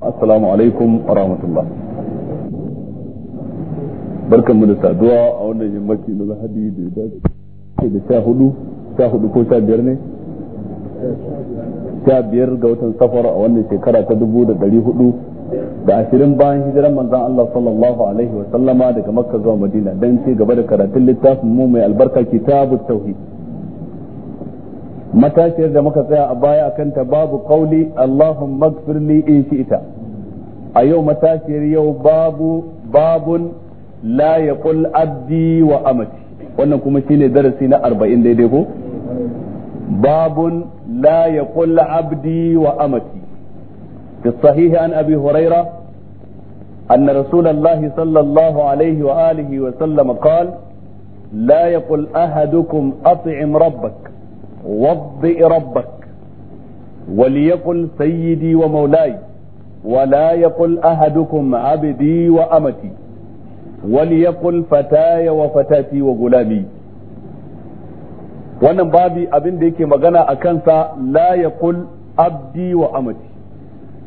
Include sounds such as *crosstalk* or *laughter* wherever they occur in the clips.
assalamu alaikum wa rahmatullah mu da saduwa a wannan yammaci na lahadi da ya dace da sha hudu sha hudu ko sha biyar ne sha biyar ga watan safar a wannan shekara ta dubu da dari hudu da ashirin bayan hijiran manzan Allah sallallahu alaihi wa sallama daga makka zuwa madina don ce gaba da karatun littafin mu mai albarka kitabu tauhid matashiyar da muka tsaya a baya a kanta babu kauli Allahumma magfirli in shi'ita a yau matashiyar yau babu babun la yaqul abdi wa amati wannan kuma shine darasi na 40 daidai ko babun la yaqul abdi wa amati fi sahihi an abi huraira أن رسول الله صلى الله عليه وآله وسلم قال لا يقل أحدكم أطعم ربك وضئ ربك وليقل سيدي ومولاي ولا يقل أحدكم عبدي وأمتي وليقل فتاي وفتاتي وغلامي wannan babi abin da yake magana a kansa la ya kul abdi wa amati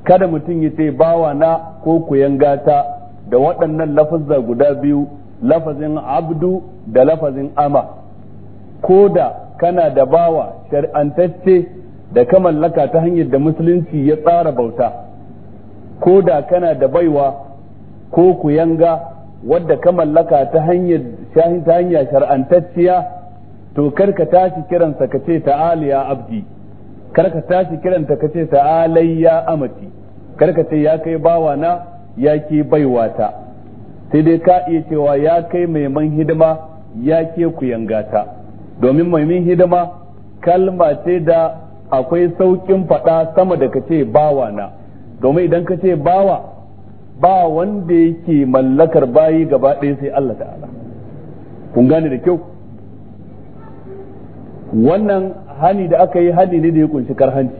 kada mutum ya ce bawa na ko gata da waɗannan lafazza guda biyu lafazin abdu da lafazin ama ko da kana da bawa shar'antacce da ka mallaka ta hanyar da musulunci ya tsara bauta ko da kana da baiwa ko ku yanga wadda ka mallaka ta hanyar ta hanya shar'antacciya to karka tashi kiransa ka ce ya abdi karka tashi kiranta ka ce ya amati karka ce ya kai bawa na ya ke baiwa ta sai dai ka iya cewa ya kai mai man hidima ya ke ku yanga ta. domin mai hidima kalma ce da akwai saukin faɗa sama da kace bawa na domin idan kace bawa ba wanda yake mallakar bayi gaba ɗaya sai Allah ta'ala kun gane da kyau wannan hani da aka yi hani ne da ya kunshi karhanci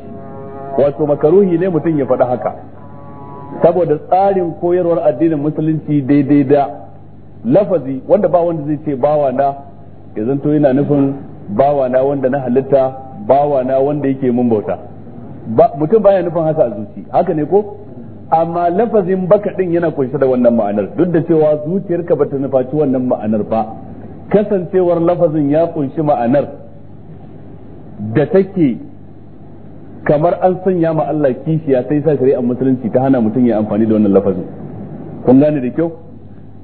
wato makaruhi ne mutum ya faɗi haka saboda tsarin koyarwar addinin musulunci daidai da lafazi wanda ba wanda zai ce bawa na ya zanto yana nufin bawa na wanda na halitta bawa na wanda yake mun bauta mutum baya nufin haka a zuci haka ne ko amma lafazin baka din yana kunshe da wannan ma'anar duk da cewa zuciyarka bata nufaci wannan ma'anar ba kasancewar lafazin ya kunshi ma'anar da take kamar an sanya ma Allah kishiya sai sa shari'ar musulunci ta hana mutum ya amfani da wannan lafazin kun gane da kyau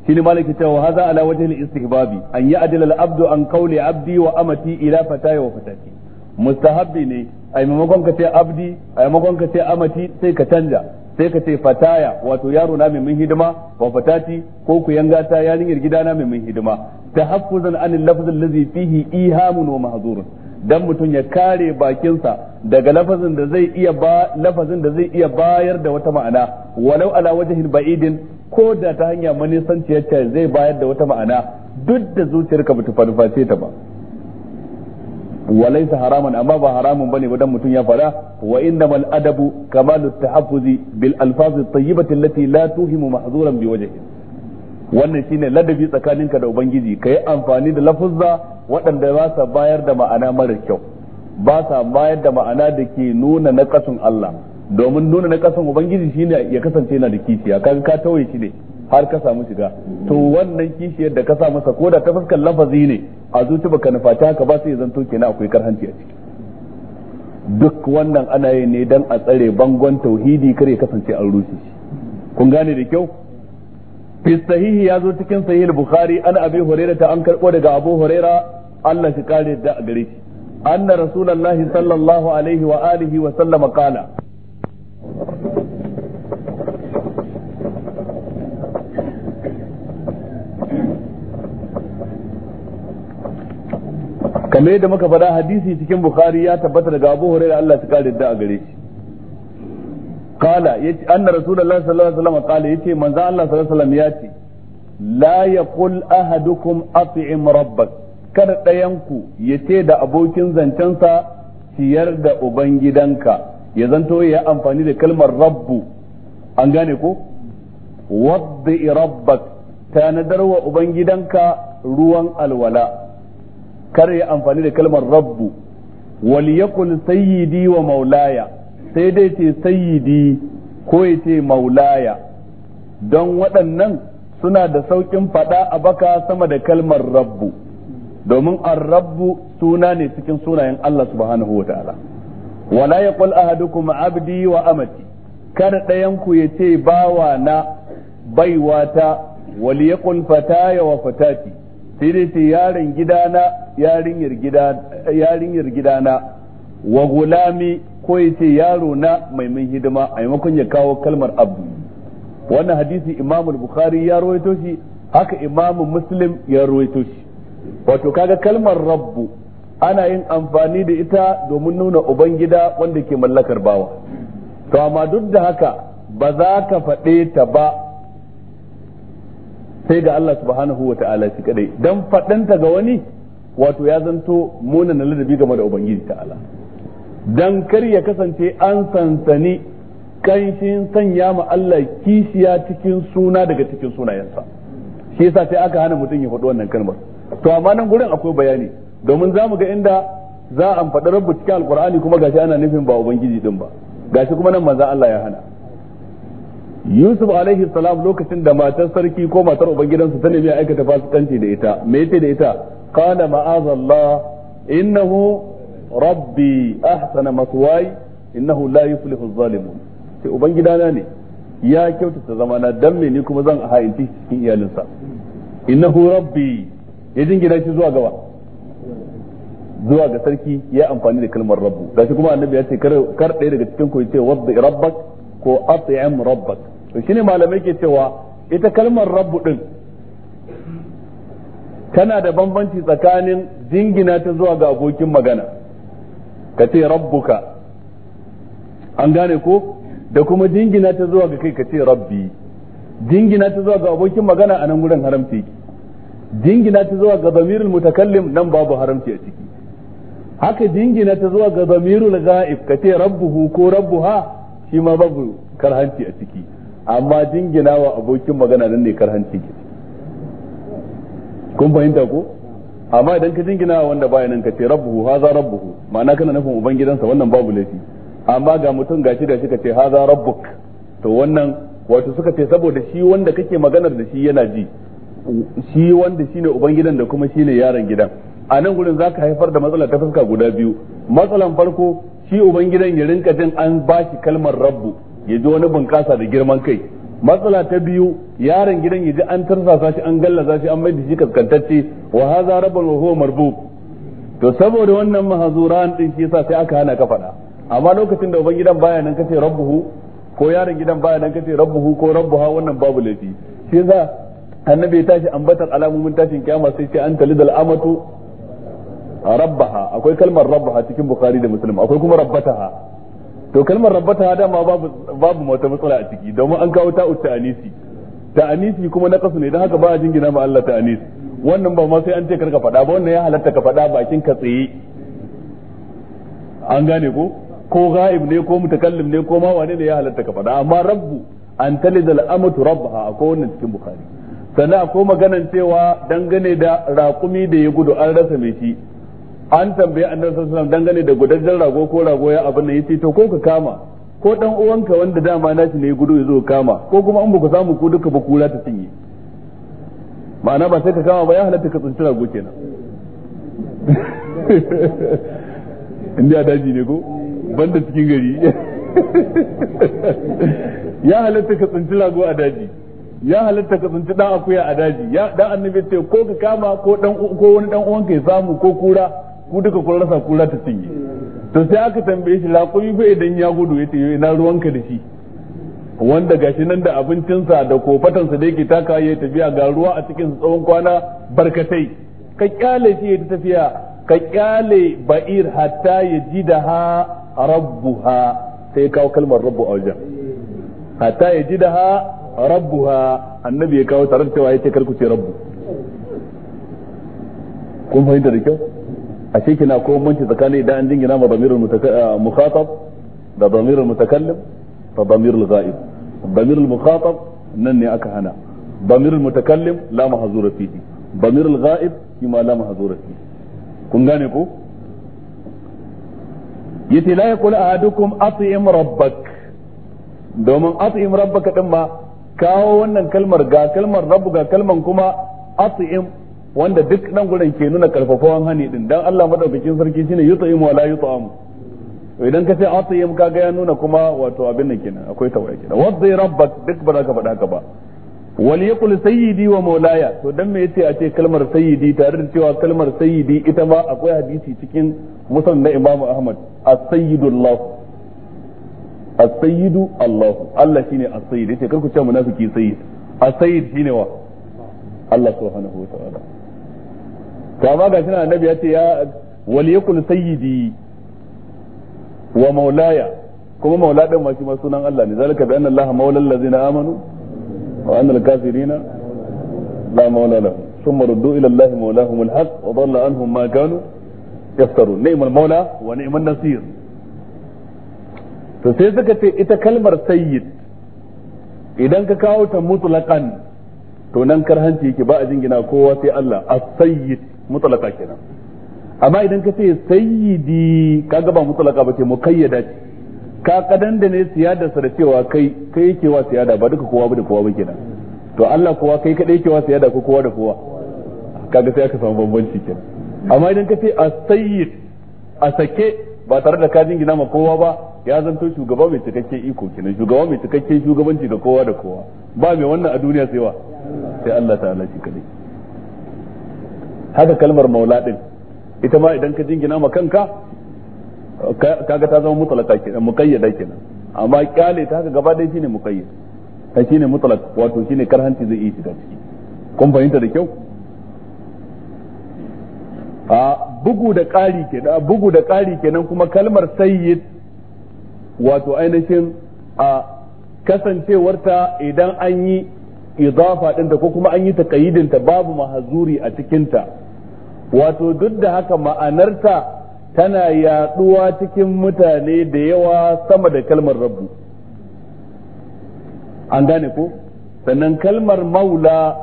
shine malaki cewa hadha ala wajen al-istihbabi an ya'dil al-abdu an qawli abdi wa amati ila fataya wa fatati mustahabbi ne a maimakon ka ce abdi a maimakon ka ce amati sai ka canja sai ka ce fataya wato yaro na mai mun hidima wa fatati ko ku yanga ta yarinyar na mai mun hidima tahaffuzan anil lafz allazi fihi ihamun wa mahzurun dan mutum ya kare bakinsa daga lafazin da zai iya ba lafazin da zai iya bayar da wata ma'ana walau ala wajhin ba'idin ko da ta hanya manisanciyar ta zai bayar da wata ma'ana duk da zuciyarka bata farface ta ba walaysa haraman amma ba haramun bane dan mutum ya fara wa innamal adabu kamalut tahaffuzi bil alfazit tayyibati allati la tuhimu mahzuran bi wajhin wannan shine ladabi tsakaninka da ubangiji ka yi amfani da lafuzza waɗanda ba sa bayar da ma'ana mara kyau ba sa bayar da ma'ana da ke nuna na ƙasun Allah domin nuna na ƙasun ubangiji shine ya kasance yana da kishiya kaga ka tauye shi ne har ka samu shiga to wannan kishiyar da ka sa masa ko da ta fuskar lafazi ne a zuci baka nufaci haka ba sai ya zanto kenan akwai karhanci a ciki duk wannan ana yi ne dan a tsare bangon tauhidi kare kasance an rushe shi kun gane da kyau fi sahihi ya zo cikin sahih bukhari an abi hurairah ta an karbo daga abu hurairah Allah shi kare da gare shi anna rasulullahi sallallahu alaihi wa alihi wa sallama qala kamar yadda muka faɗa hadisi cikin bukhari ya tabbata daga Allah a qala yace anna rasulullahi sallallahu alaihi wasallam qala yace manzo Allah sallallahu alaihi wasallam yace la yaqul ahadukum at'im rabbak kada dayanku yace da abokin zancensa ciyar da ubangidanka ya zanto ya amfani da kalmar rabbu an gane ko waddi rabbak tanadar wa ubangidanka ruwan alwala kar ya amfani da kalmar rabbu wal yakul sayyidi wa maulaya sai dai ce sayyidi ko ya ce maulaya don waɗannan suna da sauƙin faɗa a baka sama da kalmar rabbu domin an rabbu suna ne cikin sunayen Allah subhanahu wa ta'ala wala ya yaqul ahadukum abdi wa amati kada ɗayan ku ya ce bawa na baiwata wal yaqul fataya wa fatati sai dai ce yaron gidana yarinyar gidana yarinyar gidana wa gulami ko ya ce yaro na mai min hidima a maimakon ya kawo kalmar abdu wannan hadisi imamu bukhari ya rawaito shi haka imamu muslim ya rawaito shi wato kaga kalmar rabbu ana yin amfani da ita domin nuna ubangida wanda ke mallakar bawa to amma duk da haka ba za ka faɗe ta ba sai ga Allah subhanahu wa ta'ala shi kadai dan faɗanta ga wani wato ya zanto muna ladabi game da ubangiji ta'ala dan kar ya kasance an sansani kanshin sanya ma Allah kishiya cikin suna daga cikin sunayensa shi yasa sai aka hana mutum ya faɗi wannan kalmar to amma nan gurin akwai bayani domin za mu ga inda za a faɗi rabbu cikin alkur'ani kuma gashi ana nufin ba ubangiji din ba gashi kuma nan manzo Allah ya hana Yusuf alaihi salam lokacin da matar sarki ko matar ubangidansa ta nemi aikata fasikanci da ita me yace da ita qala ma'azallah innahu rabbi ahsana maswai innahu la yuflihu zalimun sai na ne ya kyautata zamana dan me ni kuma zan ha'inci cikin iyalinsa innahu rabbi ya jingina shi zuwa gaba zuwa ga sarki ya amfani da kalmar rabbu gashi kuma annabi ya ce kar ɗaya daga cikin ku ce wadda rabbak ko at'im rabbak to shine malamai ke cewa ita kalmar rabbu din tana da bambanci tsakanin jingina ta zuwa ga abokin magana ka ce rabbuka an gane ko da kuma jingina ta zuwa ga kai ka ce rabbi jingina ta zuwa ga abokin magana a nan gurin haramci jingina ta zuwa ga zamirul mutakallim nan babu haramci a ciki haka jingina ta zuwa ga zamirul ghaib ka ce rabbuhu ko rabbuha shi ma babu karhanci a ciki amma jingina wa abokin magana nan ne karhanci kun fahimta ko amma idan ka jingina wanda baya nan ka ce rabbuhu haza rabbuhu ma'ana kana nufin gidansa wannan babu laifi amma ga mutum gashi shi ka ce haza rabbuk to wannan wato suka ce saboda shi wanda kake maganar da shi yana ji shi wanda shine ubangidan da kuma shine yaron gidan a nan gurin zaka haifar da matsala ta fuska guda biyu matsalan farko shi ubangidan ya rinka jin an bashi kalmar rabbu ya ji wani bunƙasa da girman kai matsala ta biyu yaron gidan ya ji an tarsasa shi an gallaza shi an maida shi kaskantacce wa haza rabban wa huwa marbub to saboda wannan mahazuran din shi yasa sai aka hana ka fada amma lokacin da ubangidan baya nan kace rabbuhu ko yaron gidan baya nan kace rabbuhu ko rabbuha wannan babu laifi shi yasa annabi ya tashi ambatar alamomin tashin kiyama sai ce an talidal amatu rabbaha akwai kalmar rabbaha cikin bukhari da muslim akwai kuma rabbataha to kalmar rabbata dama babu babu wata matsala a ciki domin an kawo ta'u ta'anisi ta'anisi kuma na kasu ne don haka ba a jingina ma Allah ta'anisi wannan ba ma sai an ce karka faɗa ba wannan ya halatta ka faɗa bakin ka tsaye an gane ko ko ga'ib ne ko mutakallim ne ko ma wane ne ya halatta ka faɗa amma rabbu an talida al'amatu rabbaha ko wannan cikin bukhari sannan akwai maganan cewa dangane da raƙumi da ya gudu an rasa mai shi an tambaye annabi sallallahu alaihi wasallam dangane da gudajen rago ko rago ya abin da yace to ko ka kama ko dan uwanka wanda dama nashi ne gudu yazo kama ko kuma an ku samu ku duka ba kula ta cinye ma'ana ba sai ka kama ba ya halatta ka tsinci rago kenan *laughs* inda daji ne ko banda cikin gari *laughs* ya halatta ka tsinci rago a daji ya halatta ka tsinci dan akuya a daji ya dan annabi ce ko ka kama ko dan ko wani dan uwanka ya samu ko kura ku duka kun rasa ku ta cinye to sai aka tambaye shi laƙumi fa idan ya gudu ya ce eh, ina ruwanka da shi wanda gashi nan da abincinsa da kofatansa da yake taka ya tafiya ga ruwa a cikin tsawon kwana barkatai ka kyale shi ya tafiya ka kyale ba'ir hatta ya ji da ha rabbuha sai ya kawo kalmar rabbu a wajen hatta ya ji da ha rabbuha annabi ya kawo tare da cewa ya ce karku ce rabbu kun fahimta da kyau a shi kina ko banci tsakanin idan an jingina ma damirul ah, mukhatab da damirul mutakallim da damirul ghaib damirul mukhatab nan ne aka hana damirul mutakallim la mahzura fihi damirul ghaib shi ma la mahzura fihi kun gane ko yace la yaqul ahadukum at'im rabbak domin at'im rabbaka din ma kawo wannan kalmar ga kalmar rabbu ga kalman kuma at'im wanda duk dan gurin ke nuna karfafawan hani din dan Allah madaukakin sarki shine yut'imu wa la yut'am idan ka ce ka ga ya nuna kuma wato abin nan kenan akwai tawaye kenan wadda rabbak duk ba za ka faɗa haka ba wal yaqul sayyidi wa maulaya to dan me yace a ce kalmar sayyidi tare da cewa kalmar sayyidi ita ma akwai hadisi cikin musan na imamu ahmad as sayyidullah as-sayyidu allah Allah shine as-sayyid yace kar ku ce munafiki sayyid as-sayyid shine wa Allah subhanahu wa ta'ala to amma ga na annabi ya ce ya waliyakul sayyidi wa maulaya kuma maula din ma shi ma sunan Allah ne zalika bi anna Allah maula allazina amanu wa anna al-kafirina la maula lahum thumma ruddu ila Allah maulahum al-haq wa dhalla anhum ma kanu yaftarun ni'mal maula wa ni'man nasir to sai suka ce ita kalmar sayyid idan ka kawo ta mutlaqan to nan karhanci yake ba a jingina kowa sai Allah as-sayyid mutalaka kenan amma idan ka ce sayyidi kaga ba mutalaka ba ce mukayyada ce ka kadan da ne siyada sa da cewa kai kai yake wa siyada ba duka kowa ba da kowa ba kenan to Allah kowa kai kadai yake wa siyada ko kowa da kowa kaga sai aka samu bambanci kenan amma idan ka ce as-sayyid a sake ba tare da ka jingina ma kowa ba ya zanto shugaba mai cikakken iko kenan shugaba mai cikakken shugabanci ga kowa da kowa ba mai wannan a duniya sai wa sai Allah ta'ala shi kadai haka kalmar maula din ita ma idan ka jingina ma kanka kaga ta zama mutalaka kenan muqayyada kenan amma kyale ta haka gaba dai shine muqayyad ta shine mutalak wato shine karhanci zai iya shiga ciki kun fahimta da kyau a bugu da ƙari kenan bugu da ƙari kenan kuma kalmar sayyid wato ainihin a kasancewarta idan an yi idafa ɗinta ko kuma an yi ta babu mahazuri a cikinta wato duk da haka ma'anarta tana yaɗuwa cikin mutane da yawa sama da kalmar rabbu an gane ko sannan kalmar maula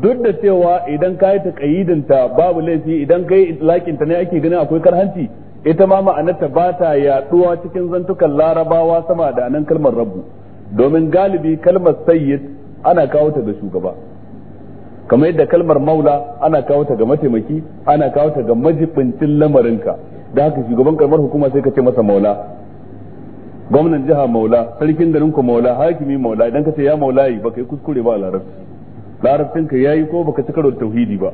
duk da cewa idan ka yi ta babu laifi idan ka yi ta ne ake ganin akwai karhanci ita ma ma'anarta ba ta yaɗuwa cikin zantukan larabawa sama da nan kalmar rabbu domin galibi kalmar sayyid ana kawo ta ga shugaba kamar yadda kalmar maula ana kawo ta ga mataimaki ana kawo ta ga majibincin lamarinka da haka shugaban karamar hukuma sai ka ce masa maula gwamnan jiha maula sarkin garin ku maula hakimi maula idan ka ce ya maula baka yi kuskure ba a larabci larabcin ka yayi ko baka ci karo tauhidi ba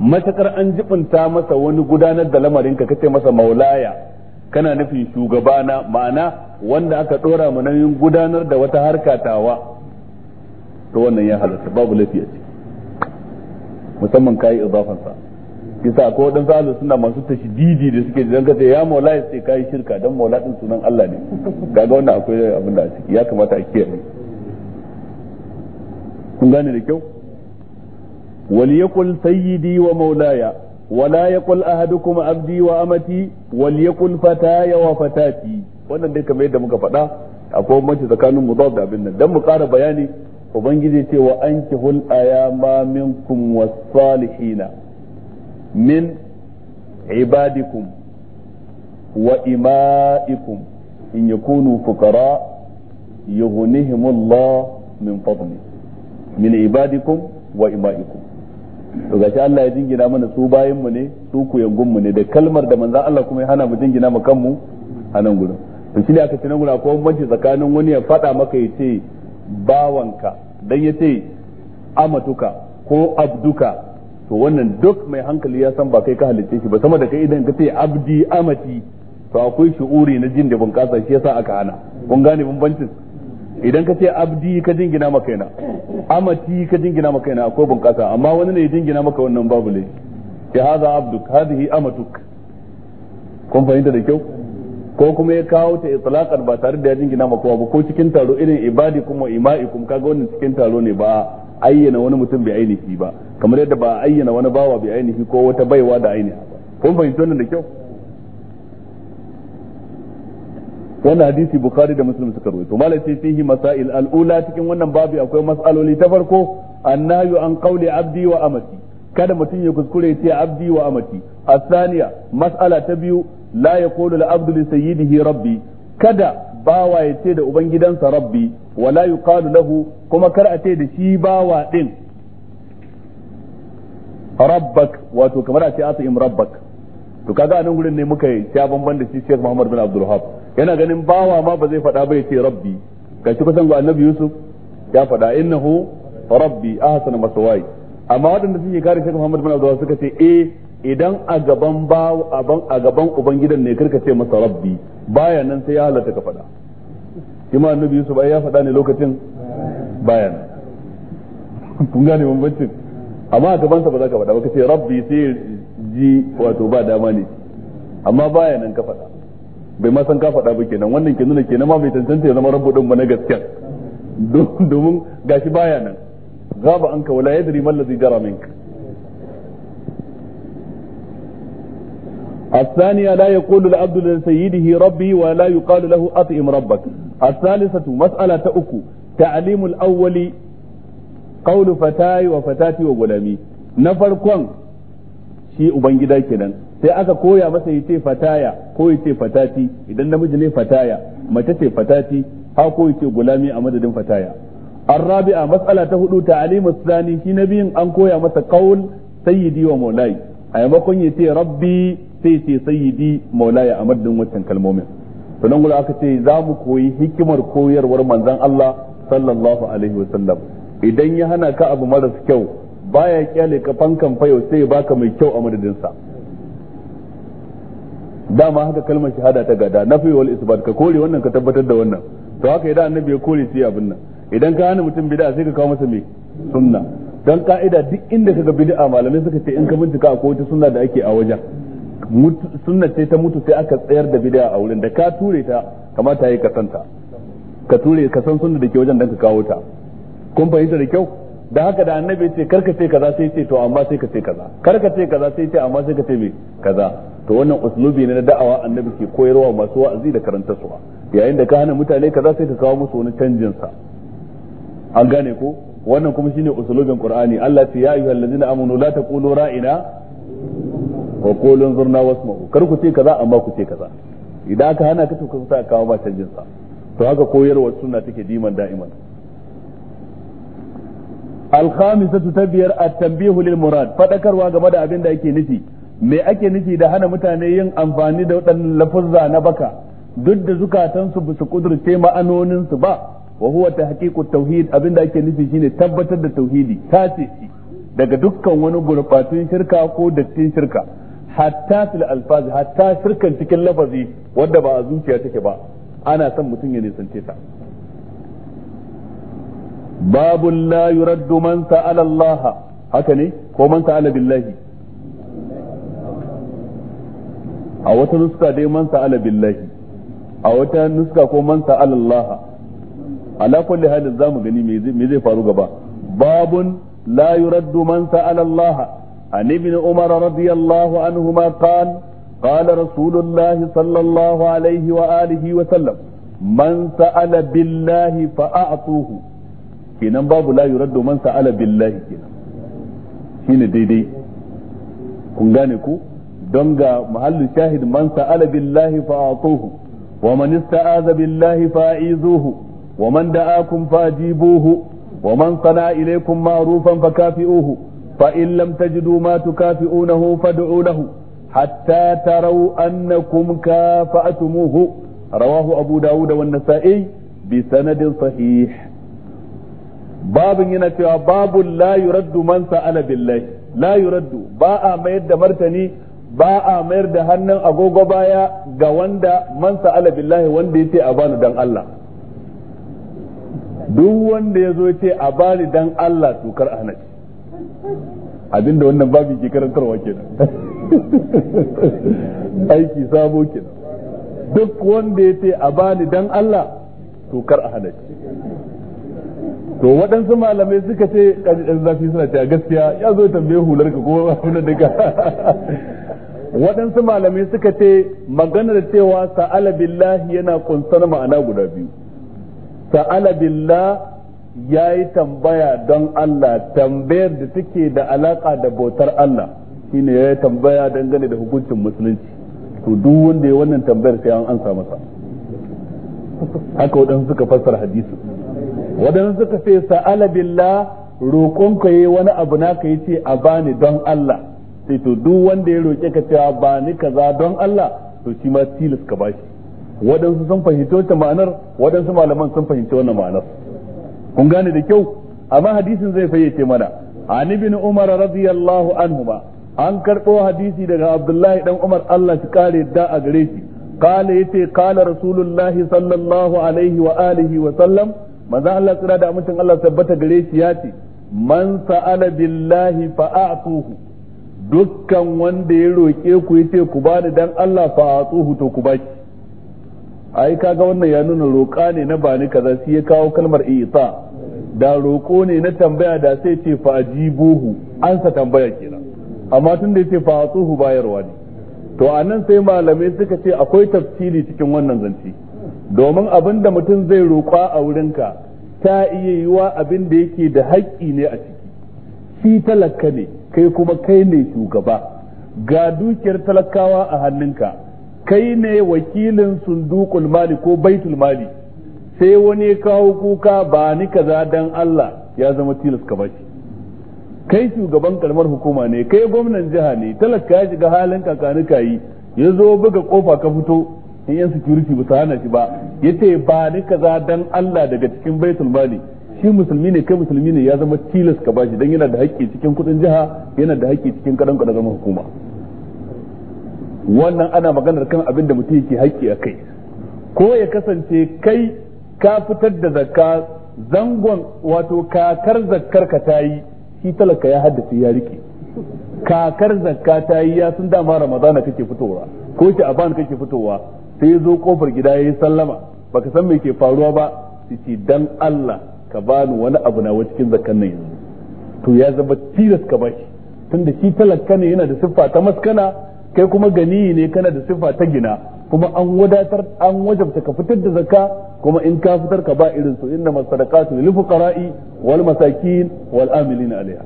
matakar an jibinta masa wani gudanar da lamarin ka kace masa maulaya kana nufin shugabana ma'ana wanda aka dora mu nauyin gudanar da wata harka tawa to wannan ya halatta babu laifi a ciki musamman kayi idafansa kisa yasa akwai wadansu ahlus suna masu tashdidi da suke idan kace ya maula ya ce kayi shirka dan maula din sunan Allah ne kaga wannan akwai abin da a ciki ya kamata a kiyaye kun gane da kyau wa maulaya سيدي ومولاي ولا abdi wa amati وأمتي fataya wa fatati wannan dai kamar yadda muka faɗa akwai mace tsakanin mudaf da abin nan dan mu ƙara bayani ubangiji ce wa ankihul ayama minkum was-salihina min ibadikum wa ima'ikum in yakunu fuqara yughnihimullah min fadli min ibadikum wa ima'ikum to gashi Allah ya jingina mana su bayin mu ne su yangun mu ne da kalmar da manzo Allah kuma ya hana mu jingina mu kanmu a nan gurin to shi ne aka ce nan gurin akwai bambanci tsakanin wani ya faɗa maka ya ce bawanka dan yace amatuka ko abduka to wannan duk mai hankali ya san ba kai ka halitta shi ba sama da kai idan ka ce abdi amati to akwai shu'uri na jin da bunƙasa shi yasa aka hana kun gane bambancin idan ka ce abdi ka jingina maka yana amati ka jingina maka yana akwai bunƙasa amma wani ne ya jingina maka wannan babu ne ya haza abduk hadhihi amatuk kun fahimta da kyau ko kuma ya kawo ta itlaqan ba tare da ya jingina ma kowa ba ko cikin taro irin ibadi kuma ima'i kuma kaga wannan cikin taro ne ba ayyana wani mutum bai ainihi ba kamar yadda ba ayyana wani bawa bai ainihi ko wata baiwa da ainihi ba kun fahimci wannan da kyau wannan hadisi bukhari da muslim suka rawaito malai sai fihi masail al'ula cikin wannan babu akwai mas'aloli ta farko annahu an qawli abdi wa amati kada mutum ya kuskure ya ce abdi wa amati asaniya mas'ala ta biyu la yaqulu al abdu li sayyidihi rabbi kada bawa ya ce da ubangidansa rabbi wala yuqalu lahu kuma kar a ce da shi bawa din rabbak wato kamar a ce im rabbak to kaga anan gurin ne muka yi ta bamban da shi Sheikh Muhammad bin Abdul Wahab yana ganin bawa ma ba zai faɗa ba ya ce rabbi gashi kusan ga Annabi Yusuf ya fada innahu rabbi ahsana maswaya amma waɗanda suke kare shi Muhammad bin Abdullah suka ce eh idan a gaban bawo a gaban ubangidan ne karka ce masa rabbi baya nan sai ya halatta ka faɗa kuma annabi Yusuf ai ya faɗa ne lokacin baya nan *laughs* kun gane bambancin amma a sa ba za ka faɗa ba kace rabbi sai ji wato ba dama ne amma baya nan ka faɗa bai ma san ka faɗa ba kenan wannan ke nuna kenan ma bai tantance ya zama rabbu din ba na gaskiya *laughs* domin gashi baya nan غاب عنك ولا يدري ما الذي جرى منك الثانية لا يقول العبد لسيده ربي ولا يقال له أطئم ربك الثالثة مسألة أكو تعليم الأول قول فتاي وفتاتي وغلامي نفر كون شيء أبنجدا كدن sai aka koya masa ya ce fataya ko ya ce fatati idan namiji ne fataya mace ce fatati ha ko ya ce gulami a madadin fataya الرابعة مسألة تهدو تعليم الثاني في نبي أنكو يا مسا قول سيدي ومولاي أي ما كن يتي ربي سيتي سيدي مولاي أمد وتن aka ce za mu كوي حكمر كوير ورمان الله صلى الله عليه وسلم idan ya hana ka abu maras kyau baya kyale ka fankan fayo sai baka mai kyau a sa dama haka kalmar shahada ta gada nafi wal isbat ka kore wannan ka tabbatar da wannan to haka idan annabi ya kore sai abin nan idan ka hana mutum bid'a sai ka kawo masa me sunna dan ka'ida duk inda kaga bid'a malamai suka ce in ka bincika akwai wata sunna da ake a wajen sunna ce ta mutu sai aka tsayar da bid'a a wurin da ka ture ta kamata yayi ka santa ka ture ka san sunna da ke wajen dan ka kawo ta kun fahimta da kyau da haka da annabi ce karka ce kaza sai ce to amma sai ka ce kaza karka ce kaza sai ce amma sai ka ce me kaza to wannan uslubi ne na da'awa annabi ke koyarwa masu wa'azi da karantarsuwa yayin da ka hana mutane kaza sai ka kawo musu wani canjin sa an gane ko wannan kuma shine usulubin qur'ani Allah ce ya ayyuhal ladzina amanu la taqulu ra'ina wa qulu anzurna wasma'u kar ku ce kaza amma ku ce kaza idan aka hana ka to ka sa kawo ba canjin sa to haka koyarwar sunna take diman da'iman الخامسة تبير التنبيه للمراد fadakarwa game da abin da ake nufi me ake nufi da hana mutane yin amfani da waɗannan lafuzza na baka duk da zukatansu ba su kudurce ma'anoninsu ba wahu wata tahqiqut tauhid abinda ake nufi shine tabbatar da tauhidi tace shi daga dukkan wani gurbatun shirka ko dattin shirka hatta fil alfaz hatta shirkan cikin lafazi wanda ba a zuciya take ba ana son mutum ya nisance ta babu la yuraddu man sa'ala Allah haka ne ko man sa'ala billahi a wata nuska dai man sa'ala a wata nuska ko man ala kulli halin zamu gani me zai faru gaba babun la yuraddu man sa'ala Allah an ibn Umar radiyallahu anhuma qala qala rasulullah sallallahu alaihi wa alihi wa sallam man sa'ala billahi fa'atuhu kenan babu la yuraddu man sa'ala billahi kenan shine daidai kun gane ku don ga mahallin shahid man sa'ala billahi fa'atuhu wa man ista'aza billahi fa'izuhu ومن دعاكم فاجيبوه ومن صنع إليكم معروفا فكافئوه فإن لم تجدوا ما تكافئونه فادعوا له حتى تروا أنكم كافأتموه رواه أبو داود والنسائي بسند صحيح باب ينتهى باب لا يرد من سأل بالله لا يرد باء ما يد مرتني باء ما da hannun agogo بايا ga من man بالله billahi wanda yace a bani duk wanda ya zo ce a bani dan Allah tukar a abinda wannan babu ke karantarwa kenan *laughs* aiki sabo kenan duk wanda ya ce a bani dan Allah tukar a hana to waɗansu malamai suka ce ɗan zafi suna ce a gaskiya ya zo tambaye hular ka ko wani da ka *laughs* waɗansu malamai suka ce maganar cewa sa'ala billahi yana kunsar ma'ana guda biyu sa'ala billah yayi tambaya don Allah tambayar da take da alaka da bautar Allah shine yayi tambaya dangane da hukuncin musulunci to duk wanda ya wannan tambayar sai an ansa masa haka waɗansu suka fassara hadisi waɗansu suka ce sa'ala billah roƙon ka yi wani abu na ka yi ce a bani don Allah sai to duk wanda ya roƙe ka cewa ba ni kaza don Allah to shi ma tilas ka bashi waɗansu sun fahimci wata ma'anar waɗansu malaman sun fahimci wannan ma'anar kun gane da kyau amma hadisin zai fayyace mana an ibn umar radiyallahu anhuma an karɓo hadisi daga abdullahi dan umar Allah shi kare da a gare shi kala yace kala rasulullahi sallallahu alaihi wa alihi wa sallam Maza Allah tsira da mutun Allah tabbata gare shi ya man sa'ala billahi fa a'tuhu dukkan wanda ya roke ku yace ku bani dan Allah fa a'tuhu to ku baki ai kaga wannan ya nuna roƙa ne na bani kaza shi ya kawo kalmar isa da roƙo ne na tambaya da sai ce fa ajibuhu ansa tambaya kenan amma tun da yace fa atuhu bayarwa ne to anan sai malamai suka ce akwai tafsiri cikin wannan zance domin abin da mutum zai roƙa a wurinka ta iya yiwa abin da yake da haƙƙi ne a ciki shi talaka ne kai kuma kai ne shugaba ga dukiyar talakawa a hannunka kai ne wakilin sundukul mali ko baitul mali sai wani ya kawo kuka ba ni kaza dan Allah ya zama tilas ka bashi kai shugaban kalmar hukuma ne kai gwamnan jiha ne talaka ya shiga halin kakanuka ya zo buga kofa ka fito in yan security ba su hana shi ba yace ba ni kaza dan Allah daga cikin baitul mali shi musulmi ne kai musulmi ne ya zama tilas ka bashi dan yana da haƙƙi cikin kudin jiha yana da haƙƙi cikin kadan kadan hukuma wannan ana maganar kan abin da mutum yake haƙƙi a kai ko ya kasance kai ka fitar da zakka zangon wato kakar zakkar ka ta yi shi talaka ya haddace ya rike kakar zakka ta yi ya sun dama ramadana kake fitowa ko ki aban kake fitowa sai ya zo kofar gida ya yi sallama baka san me ke faruwa ba sai dan Allah ka bani wani abu na wa cikin zakkan nan yanzu to ya zama tilas ka bashi tunda shi talaka ne yana da siffa ta maskana kai kuma gani ne kana da sifa ta gina kuma an wadatar an wajabta ka fitar da zakka kuma in ka fitar ka ba irin su inna masadaqatu lil fuqara'i wal masakin wal amilin alaiha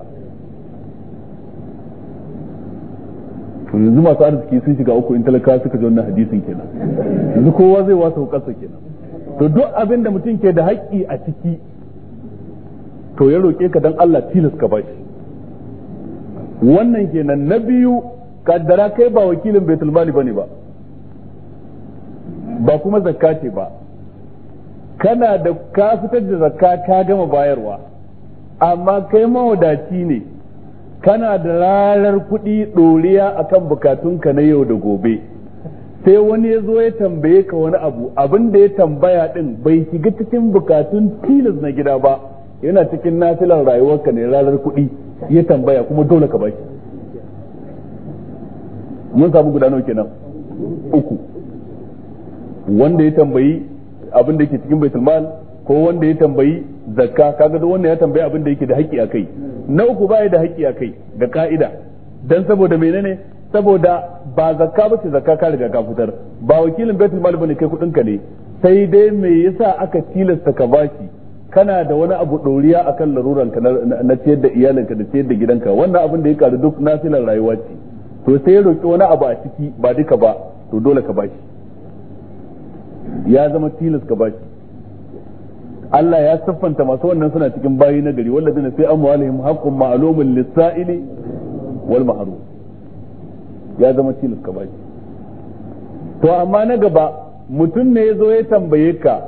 to yanzu masu arziki sun shiga uku in talaka suka ji wannan hadisin kenan yanzu kowa zai wasa hukarsa kenan to duk abin da mutum ke da haƙƙi a ciki to ya roƙe ka dan Allah tilas ka bashi wannan kenan na biyu kaddara kai ba wakilin baitul mali bane ba ba kuma zakka ce ba kana da ka fitar da zakka ta gama bayarwa amma kai mawadaci ne kana da ranar kuɗi ɗoriya akan bukatunka na yau da gobe sai wani ya zo ya tambaye ka wani abu abin da ya tambaya din, bai shiga cikin bukatun tilas na gida ba yana cikin nafilan rayuwarka ne ranar kuɗi ya tambaya kuma dole ka baki mun samu guda nawa kenan uku wanda ya tambayi abin da yake cikin baitul mal ko wanda ya tambayi zakka kaga duk wanda ya tambayi abin da yake da haƙƙi akai na uku ba ya da haƙƙi akai ga ka'ida dan saboda menene saboda ba zakka ba ce zakka ka riga ka fitar ba wakilin baitul mal bane kai kudin ka ne sai dai me yasa aka tilasta ka bashi kana da wani abu ɗoriya akan laruranka na ciyar da iyalinka da ciyar da gidanka wannan abin da ya karu duk nasilar rayuwa ce to sai ya roƙi wani abu a ciki ba duka ba to dole ka bashi ya zama tilas ka bashi Allah ya siffanta masu wannan suna cikin bayi na gari wanda dana sai amwalihim haqqun ma'lumun lis-sa'ili wal mahrum ya zama tilas ka bashi to amma na gaba mutum ne ya zo ya tambaye ka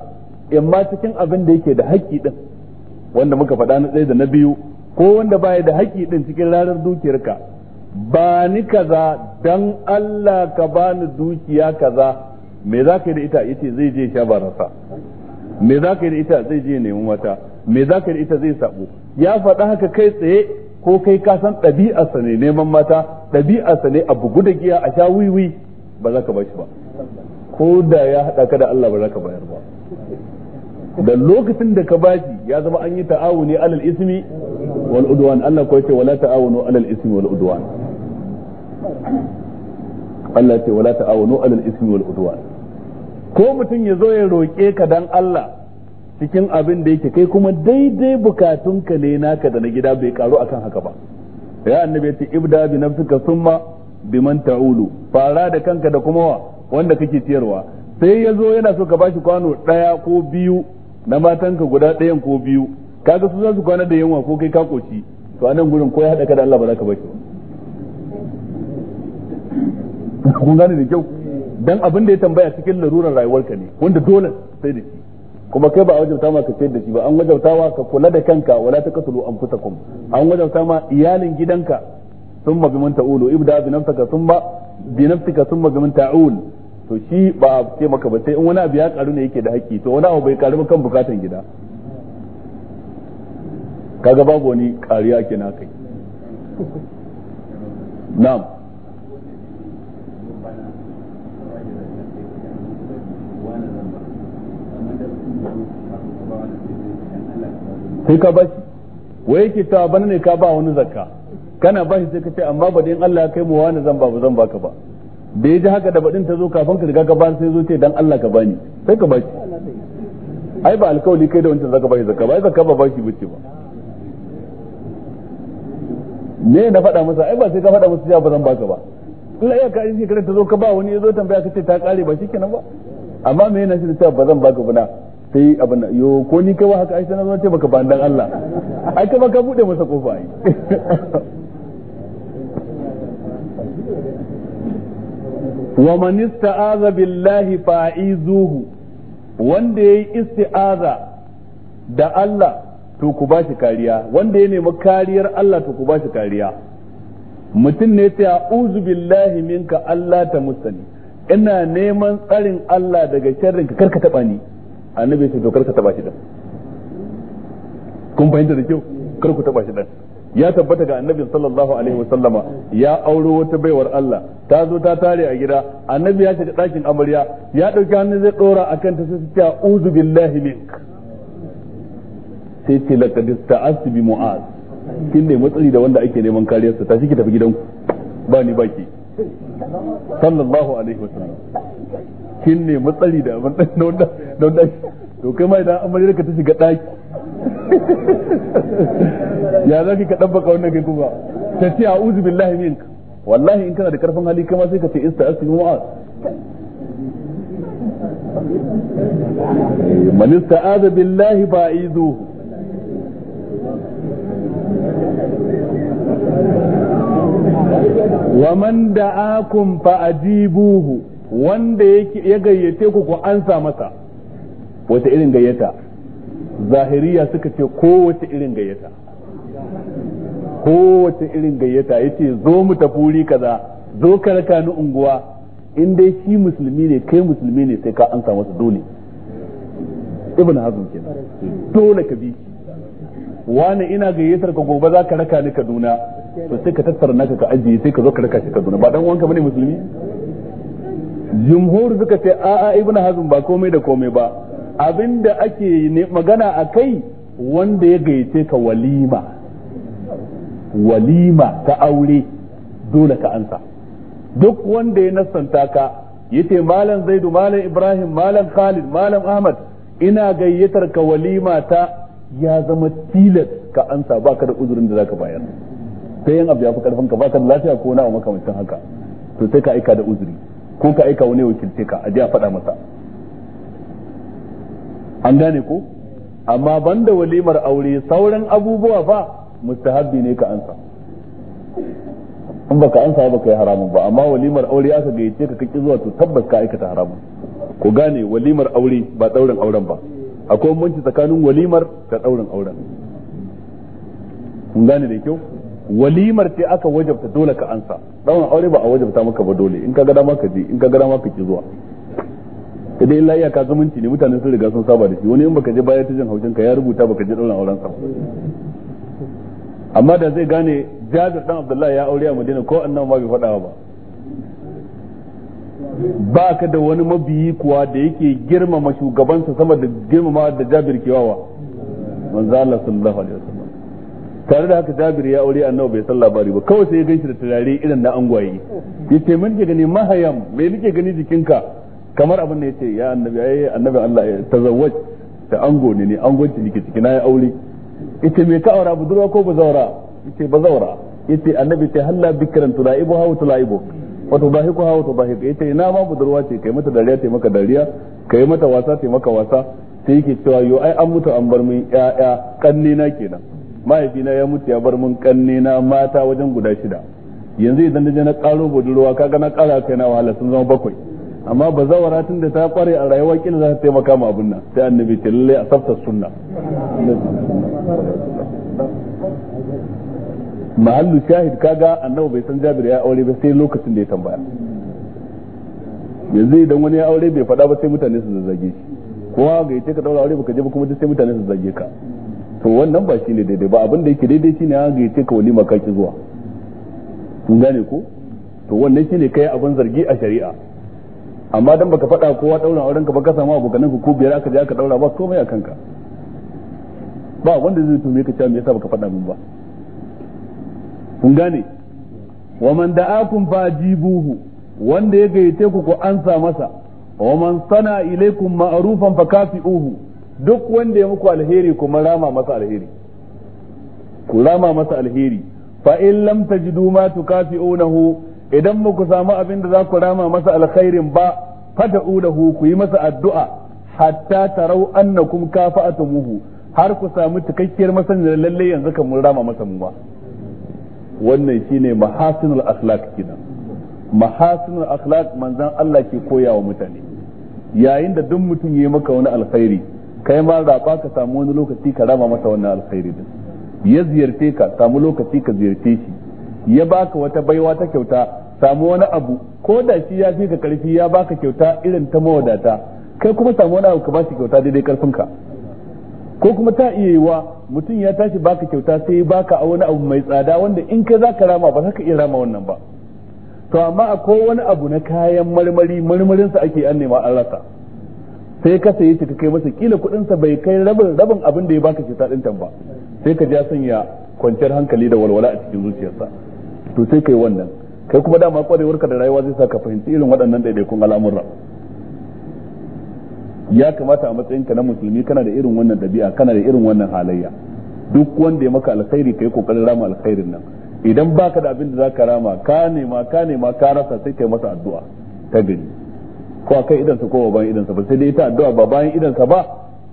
ma cikin abin da yake da haƙƙi din wanda muka faɗa na ɗaya da na biyu ko wanda baya da haƙƙi din cikin ranar dukiyarka ba ni kaza dan Allah ka bani dukiya kaza me za ka yi da ita yace zai je sha barasa me za ka yi da ita zai je neman wata me za ka yi da ita zai sabo ya faɗa haka kai tsaye ko kai ka san ɗabi'arsa ne neman mata ɗabi'arsa ne a bugu da giya a sha wiwi ba za ka bashi ba ko da ya haɗa ka da Allah ba za ka bayar ba da lokacin da ka bashi ya zama an yi ta'awuni alal ismi wal udwan Allah ko yace wala ta'awunu alal ismi wal udwan Allah ce wala ta'awunu alal ismi wal udwan ko mutum ya zo ya roƙe ka dan Allah cikin abin da yake kai kuma daidai bukatunka ne naka da na gida bai karu akan haka ba ya annabi ce ibda bi nafsika summa biman ta'ulu fara da kanka da kuma wanda kake ciyarwa sai ya zo yana so ka bashi kwano daya ko biyu na matanka guda ɗayan ko biyu kaga su za su kwana da yunwa ko kai ka koci to anan gurin ko ya hada ka da Allah ba za ka bashi ba Ka kun gane da kyau dan abin da ya tambaya cikin larurar rayuwarka ne wanda dole sai da shi kuma kai ba a wajabta ma ka ce da shi ba an wajabta ma ka kula da kanka wala ta kasulu an an wajabta ma iyalin gidanka sun thumma biman ta'ulu ibda bi sun ba bi nafsika thumma biman ta'ul to shi ba a ce maka ba sai in wani abu ya karu ne yake da haƙƙi to wani abu bai karu ba kan bukatan gida kaga babu wani kariya kenan kai na'am sai ka bashi wai yake cewa bana ne ka ba wani zakka kana bashi sai ka ce amma ba in Allah ya kai mu wani zan ba ba zan baka ba da ya ji haka da baɗin ta zo kafin ka riga ka ba sai zo ce dan Allah ka bani sai ka bashi ai ba alkawali kai da wancan zaka bashi zakka ba ai zakka ba bashi bace ba me na faɗa masa ai ba sai ka faɗa masa cewa ba zan baka ba Allah ya ka in shekarar ta zo ka ba wani ya zo tambaya ka ce ta kare ba shikenan ba amma me yana shi da cewa ba zan baka ba na sai abin yo ko ni kai haka ai sai na zo ce baka bandan Allah ai kama ka bude masa kofa ai *laughs* wa man ista'aza billahi fa'izuhu wanda yayi isti'aza da Allah to ku bashi kariya wanda ya nemi kariyar Allah to ku bashi kariya mutum ne ta a'udhu billahi minka Allah ta musani ina neman tsarin Allah daga sharrin ka karka taba ni annabi sai dokar ka taba shi dan kun fahimta da kyau kar ku taba shi dan ya tabbata ga annabi sallallahu alaihi wasallama ya auro wata baiwar Allah ta zo ta tare a gida annabi ya shiga dakin amarya ya dauki hannu zai dora akan ta sai ta uzu billahi mink sai ce laqad ista'astu bi mu'az kin ne matsari da wanda ake neman kariyar sa tashi ki tafi gidanku ba ni baki sallallahu alaihi wasallam kin ne matsari da abin dan wanda don daki to kai ma idan amarya ka ta shiga daki ya zaki ka dan baka wannan kai kuma ta ce a'udhu billahi minka wallahi in kana da karfin hali kai ma sai ka ce ista'asimu ma'a man ista'aza billahi fa'izuhu ومن دعاكم فأجيبوه wanda ya gayyace ku ku ansa masa wata irin gayyata zahiriya suka ce kowace irin gayyata kowace irin gayyata ya ce zo mu tafi wuri kaza zo ka raka ni unguwa in dai shi musulmi ne kai musulmi ne sai ka ansa masa dole ibn hazm kenan dole ka bi wani ina gayyatar ka gobe za ka raka ni kaduna to sai ka tattara naka ka ajiye sai ka zo ka raka shi kaduna ba dan wanka bane musulmi jumhur suka ce a'a ibn hazm ba komai da komai ba abinda ake magana a kai wanda ya gayyace ka walima walima ta aure dole ka ansa duk wanda ya nassanta ka ce malam zaidu malam ibrahim malam khalid malam ahmad ina gayyatar ka walima ta ya zama tilas ka ansa baka da uzurin da zaka bayar sai yan abu ya fi karfin ka baka da lafiya ko na makamantan haka to sai ka aika da uzuri ko ka aika wani wakilce ka a je a faɗa masa an gane ko amma banda walimar aure sauran abubuwa fa mustahabbi ne ka ansa in baka ansa ba ka yi haramun ba amma walimar aure aka gayyace ka kake zuwa to tabbas ka aikata haramun ku gane walimar aure ba daurin auren ba akwai bambanci tsakanin walimar da daurin auren kun gane da kyau walimar ce aka wajabta dole ka ansa daurin aure ba a wajabta maka ba dole in ka ga dama ka je in ka ga dama ka ki zuwa ka dai illa ka zumunci ne mutane sun riga sun saba da shi wani in baka je baya ta jin haushin ka ya rubuta baka je daurin auren sa amma da zai gane jazir dan Abdullahi ya aure a Madina ko annan ma bai faɗa ba ba ka da wani mabiyi kuwa da yake girmama shugabansa sama da girmama da Jabir kiwawa manzo Allah sallallahu alaihi wasallam tare da haka Jabir ya aure annabi bai san labari ba kawai sai ya ganshi da turare irin na angwaye yace mun ke gani mahayam me nake gani jikinka kamar abin da yace ya annabi ayi annabi Allah ya tazawwaj ta ango ne ne angonci nake ciki na ya aure yace me ka aura budurwa ko bazawara yace bazawara yace annabi ta halla bikran tulaibu hawa tulaibu wato ba ko hawa to ba hiku yace ina ma budurwa ce kai mata dariya ce maka dariya kai mata wasa ce maka wasa sai yake cewa yo ai an mutu an bar mun ƴaƴa kanni na kenan mahaifina ya mutu ya bar mun kanne na mata wajen guda shida yanzu idan na je na karo budurwa kaga na kara kai na wahala sun zama bakwai amma ba zawara tun da ta kware a rayuwa kin za ta taimaka ma abin nan sai annabi ce lalle a tsaftar sunna mahallu shahid kaga annabi bai san jabir ya aure ba sai lokacin da ya tambaya yanzu idan wani ya aure bai faɗa ba sai mutane su zazzage shi kowa ga yace ka daura aure baka je ba kuma sai mutane su zage ka to wannan ba shi ne daidai ba abin da yake daidai shi ne an ga yace ka wani ka ki zuwa kun gane ko to wannan ne kai abin zargi a shari'a amma dan baka faɗa kowa daura auren ka ba ka samu abokanan ku ko biyar aka je aka daura ba komai a kanka ba wanda zai tume ka cewa me yasa baka faɗa min ba kun gane wa man da'akum fajibuhu wanda ya gayyace ku ku ansa masa wa man sana ilaikum ma'rufan fakafi'uhu duk wanda ya muku alheri kuma rama masa alheri ku rama masa alheri fa in lam tajidu ma tukafi'unahu idan muku samu abin da za ku rama masa alkhairin ba fada'unahu ku yi masa addu'a hatta tarau annakum kafa'atuhu har ku samu cikakkiyar masanin lalle yanzu kan mun rama masa mu ba wannan shine mahasinul akhlaq kenan mahasinul akhlaq manzan Allah ke koya wa mutane yayin da duk mutum ya maka wani alkhairi kai ma raba ka samu wani lokaci ka rama masa wannan alkhairi din ya ziyarce ka samu lokaci ka ziyarce shi ya baka wata baiwa ta kyauta samu wani abu ko da shi ya fi ka karfi ya baka kyauta irin ta mawadata kai kuma samu wani abu ka ba shi kyauta daidai karfin ka ko kuma ta iya yiwa mutum ya tashi baka kyauta sai ya baka a wani abu mai tsada wanda in kai za ka rama ba za ka iya rama wannan ba to amma akwai wani abu na kayan marmari marmarinsa ake an nema an rasa sai ka saye ta ka kai masa kila kudin sa bai kai rabin rabin abin da ya baka shi din tan ba sai ka ja sanya kwanciyar hankali da walwala a cikin zuciyarsa to sai kai wannan kai kuma dama kwarewarka da rayuwa zai saka ka fahimci irin waɗannan daidaikun al'amura ya kamata a matsayinka na musulmi kana da irin wannan dabi'a kana da irin wannan halayya duk wanda ya maka alkhairi kai kokarin rama alkhairin nan idan baka da abin da zaka rama ka nema ka nema ka rasa sai kai masa addu'a ta gani ko a kan idansa ko bayan idansa ba sai dai ita addu'a ba bayan idansa ba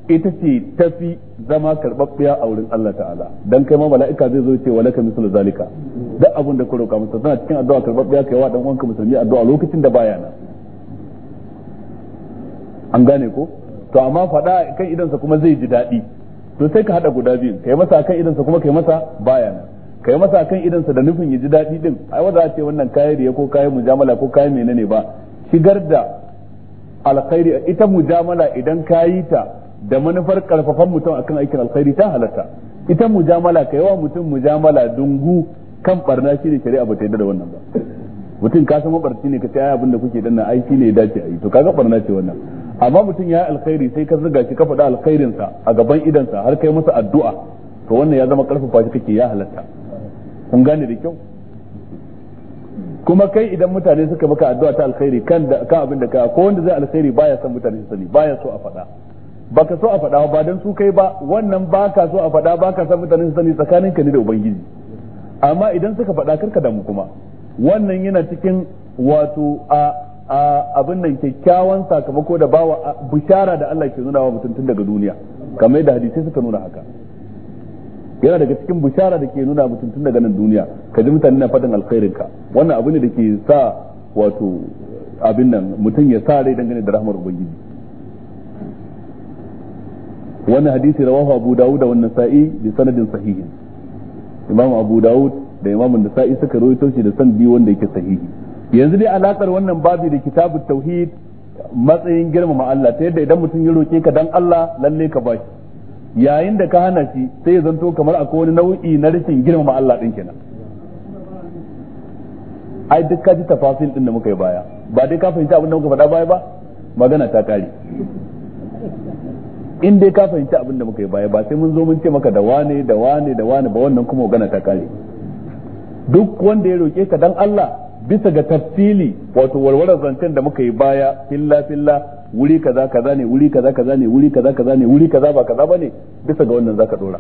ita ce tafi zama karɓaɓɓiya a wurin Allah ta'ala dan kai ma mala'ika zai zo ce wa laka mislu zalika duk abin da ka roƙa masa tana cikin addu'a karɓaɓɓiya kai wa dan uwanka musulmi addu'a lokacin da baya nan an gane ko to amma faɗa kan idansa kuma zai ji daɗi to sai ka hada guda biyun kai masa kan idansa kuma kai masa baya nan kai masa kan idansa da nufin ya ji daɗi din ai wanda a ce wannan da riya ko kayi mujamala ko kayi menene ba shigar da alkhairi ita mujamala idan ka ta da manufar karfafan mutum akan aikin alkhairi ta halatta ita mujamala ka yawa mutum mujamala dungu kan barna shi ne shari'a ba ta yarda da wannan ba mutum ka san mabarci ne ka ce ai abin da kuke danna ai shine ya dace ai to kaga barna ce wannan amma mutum ya alkhairi sai ka zuga shi ka faɗa alkhairin sa a gaban idansa har kai masa addu'a to wannan ya zama karfafa shi kake ya halatta kun gane da kyau kuma kai idan mutane suka maka addu'a ta alkhairi kan da kan abin da ka ko wanda zai alkhairi baya son mutane su sani baya so a faɗa baka so a faɗa ba dan su kai ba wannan baka so a faɗa baka son mutane su sani ka ne da ubangiji amma idan suka faɗa karka damu kuma wannan yana cikin wato a a abin nan kyakkyawan sakamako da bawa bishara da Allah ke nuna wa mutum daga duniya kamar yadda hadisi suka nuna haka yana daga cikin bushara da ke nuna mutum tun daga nan duniya ka ji mutane na faɗin alkhairin ka wannan abu ne da ke sa wato abin nan mutum ya sa rai dangane da rahmar ubangiji wannan hadisi rawahu abu dawud da wannan sa'i bi sanadin sahihin imam abu dawud da imam nasa'i suka rawaito shi da sanadi wanda yake sahihi yanzu dai alakar wannan babi da kitabut tauhid matsayin girmama Allah ta yadda idan mutum ya roke ka dan Allah lalle ka bashi yayin da ka hana shi sai ya zanto kamar akwai wani nau'i na rashin girmama Allah din kenan ai duk ka ji tafasil din da muka yi baya ba dai ka fahimci abin da muka faɗa baya ba magana ta kare in dai ka fahimci abin da muka yi baya ba sai mun zo mun ce maka da wane da wane da wane ba wannan kuma magana ta kare duk wanda ya roke ka dan Allah bisa ga tafsili wato warwarar zancen da muka yi baya filla filla wuri kaza kaza ne wuri kaza kaza ne wuri kaza kaza ne wuri kaza ba kaza bane bisa ga wannan zaka dora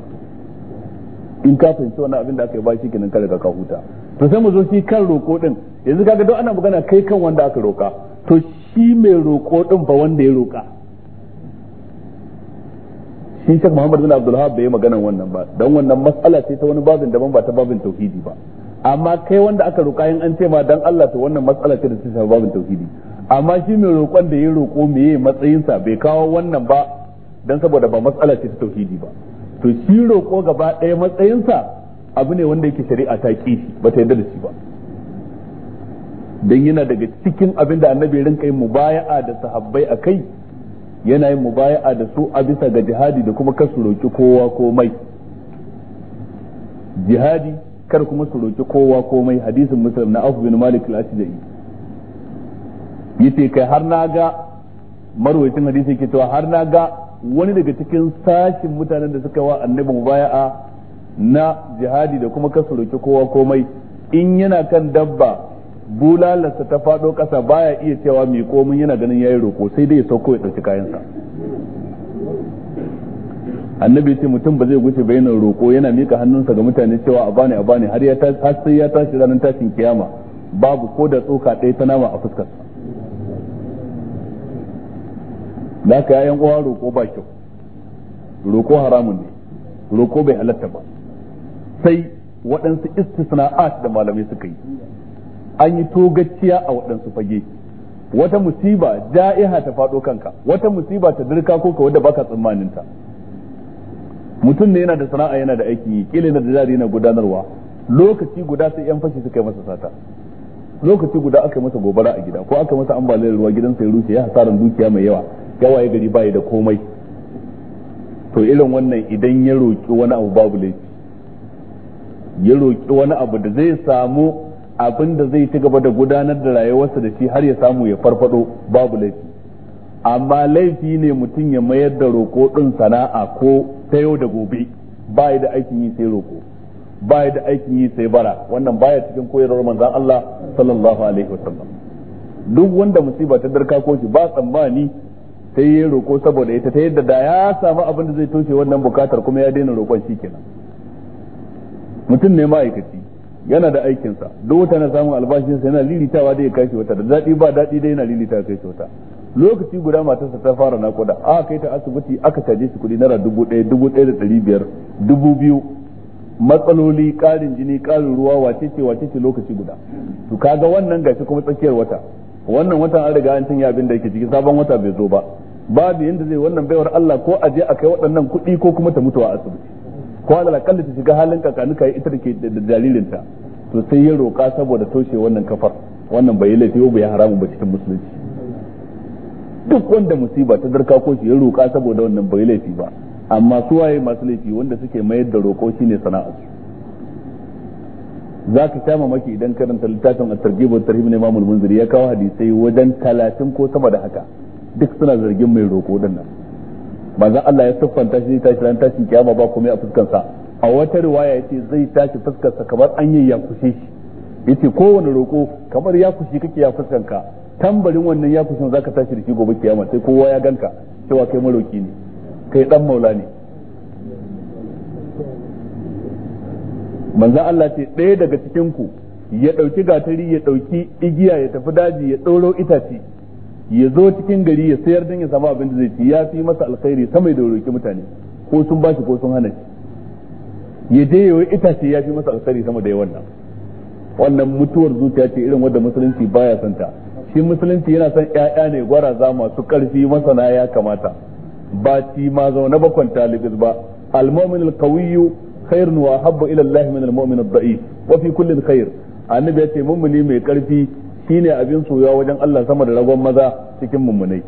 in ka fahimci wannan abin da aka yi ba shi kenan kare ka huta to sai mu zo shi kan roko din yanzu kaga don ana magana kai kan wanda aka roka to shi mai roko din fa wanda ya roka shi shak Muhammad bin Abdul Wahab bai magana wannan ba dan wannan matsala ce ta wani babin daban ba ta babin tauhidi ba amma kai wanda aka roka yin an ce ma dan Allah to wannan matsala ce da ta babin tauhidi amma shi mai roƙon da ya roƙo meye matsayinsa bai kawo wannan ba don saboda ba matsala ce ta tauhidi ba to shi roƙo gaba ɗaya matsayinsa abu ne wanda yake shari'a ta ƙi shi ba ta yarda da shi ba don yana daga cikin abin da annabi rinka yin mubaya'a da sahabbai a kai yana yin mubaya'a da su a bisa ga jihadi da kuma kar su roƙi kowa komai jihadi kar kuma su roƙi kowa komai hadisin muslim na abu bin malik al yace kai har na ga marwayacin hadisi yake cewa har na ga wani daga cikin sashin mutanen da suka wa annabi mubaya'a na jihadi da kuma kasu roki kowa komai in yana kan dabba bulalarsa ta faɗo ƙasa baya iya cewa mai komin yana ganin yayi roko sai dai ya sauko ya ɗauki kayansa annabi ce mutum ba zai guce ba roko yana mika hannunsa ga mutane cewa a bani a bani har sai ya tashi ranar tashin kiyama babu ko da tsoka ɗaya ta nama a fuskarsa da ka yayan uwa roƙo ba kyau roƙo haramun ne roƙo bai halatta ba sai waɗansu istisna'at da malamai suka yi an yi togacciya a waɗansu fage wata musiba da'iha ta faɗo kanka wata musiba ta dirka ko ka wadda baka tsammanin ta mutum ne yana da sana'a yana da aiki kila yana da jari yana gudanarwa lokaci guda sai yan fashi suka yi masa sata lokaci guda aka yi masa gobara a gida ko aka masa ambaliyar ruwa gidansa ya rushe ya hasaran dukiya mai yawa yawaye gari bai da komai to irin wannan idan ya roƙi wani abu babu laifi ya roƙi wani abu da zai samu abin da zai ci gaba da gudanar da rayuwarsa da shi har ya samu ya farfado babu laifi amma laifi ne mutum ya mayar da roƙo ɗin sana'a ko ta yau da gobe ba da aikin yi sai roƙo ba da aikin yi sai bara wannan baya cikin koyarwar manzon Allah sallallahu alaihi wasallam duk wanda musiba ta darka ko shi ba tsammani sai ya roƙo saboda ita ta yadda da ya samu abin da zai toshe wannan bukatar kuma ya daina roƙon shi kenan mutum ne ma'aikaci yana da aikinsa duk wata na samun albashin albashinsa yana lilitawa da ya kai wata da daɗi ba daɗi dai yana lilita kai shi wata lokaci guda matarsa ta fara nakoda aka kai ta asibiti aka caje shi kuɗi naira dubu ɗaya dubu ɗaya da ɗari biyar dubu biyu matsaloli ƙarin jini ƙarin ruwa wacece wacece lokaci guda to kaga wannan gashi kuma tsakiyar wata wannan watan an riga an cinye abin da yake ciki sabon wata bai zo ba babu yanda zai wannan baiwar Allah ko aje a kai waɗannan kuɗi ko kuma ta mutuwa a asibiti ko a kalla ta shiga halin kakanuka ita da ke da jaririnta to sai ya roƙa saboda toshe wannan kafar wannan bai laifi ba ya haramu ba cikin musulunci duk wanda musiba ta darka ko shi ya roƙa saboda wannan bai laifi ba amma su waye masu laifi wanda suke mayar da roƙo shine sana'arsu za ka sha mamaki idan karanta littafin a targibin tarhib na imamul munziri ya kawo hadisai wajen talatin ko sama da haka duk suna zargin mai roƙo din nan manzon Allah ya siffanta shi tashi ran tashin kiyama ba komai a fuskar a wata riwaya yace zai tashi fuskar kamar an yi ya kushe shi yace kowane roƙo kamar ya kushi kake ya fuskar tambarin wannan ya kushin zaka tashi da shi gobe kiyama sai kowa ya ganka cewa kai maroki ne kai dan maula ne manzo Allah ce ɗaya daga cikin ku ya ɗauki gatari ya ɗauki igiya ya tafi daji ya ɗauro itace ya zo cikin gari ya sayar don ya samu abin da zai ci ya fi masa alkhairi sama da roƙi mutane ko sun bashi ko sun hana shi ya je ya yi itace ya fi masa alkhairi sama da wannan wannan mutuwar zuciya ce irin wanda musulunci baya son ta shi musulunci yana son ƴaƴa ne gwaraza masu ƙarfi masana ya kamata ba ci ma zaune ba kwanta ba al-mu'min al-qawiyyu خير wa الى الله من min الضعيف وفي كل خير wa fi مؤمني مي annabi ya ابين mummuni mai karfi shine abin soyuwa wajen Allah sama da ragon maza cikin mummunai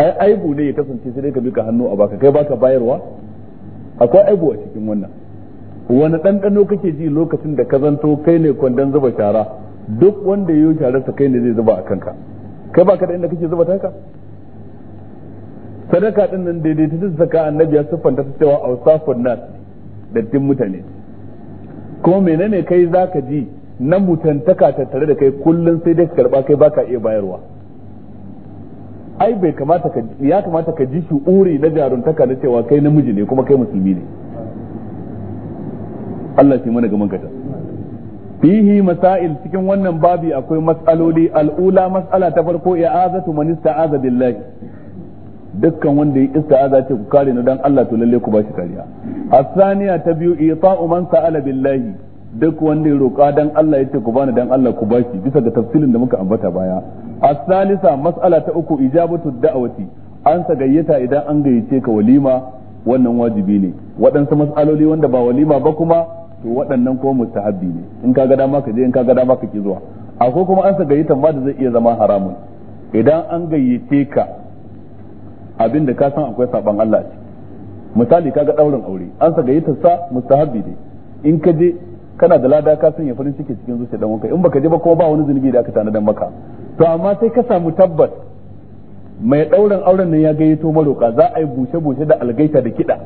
ai aibu ne ya kasance sai dai ka duka hannu a baka kai baka bayarwa akwai aibu a cikin wannan wani ɗanɗano kake ji lokacin da ka zanto kai ne kwandon zuba shara duk wanda ya yi sharar kai ne zai zuba a kanka kai baka da inda kake zuba taka sadaka din nan daidai ta zaka annabi ya siffanta ta cewa awsafun nas dattin mutane kuma menene kai zaka ji na mutantaka tattare da kai kullun sai dai ka karba kai baka iya bayarwa ai bai kamata ka ya kamata ka ji uri na jaruntaka na cewa kai namiji ne kuma kai musulmi ne Allah shi mana gaman gata fihi masail cikin wannan babi akwai mas'aloli al'ula mas'ala ta farko i'azatu man ista'aza billahi dukkan wanda ya isti'aza ce ku kare ni dan Allah to lalle ku bashi kariya asaniya ta biyu ita'u man sa'ala billahi duk wanda ya roƙa dan Allah ce ku bani dan Allah ku bashi bisa ga tafsirin da muka ambata baya asalisa mas'ala ta uku ijabatu da'wati an sa gayyata idan an gayyace ka walima wannan wajibi ne waɗansu mas'aloli wanda ba walima ba kuma to waɗannan ko mustahabbi ne in ka ga dama ka je in ka ga dama ka ki zuwa akwai kuma an sa gayyatan ma da zai iya zama haramun idan an gayyace ka abin da ka san akwai saban Allah ce misali kaga daurin aure an sa yi sa mustahabbi ne in ka je kana da lada ka sanya farin ciki cikin zuciya dan wanka in baka je ba kuma ba wani zunubi da aka tana dan maka to amma sai ka samu tabbat mai daurin auren nan ya gayyato maroka za a yi bushe bushe da algaita da kida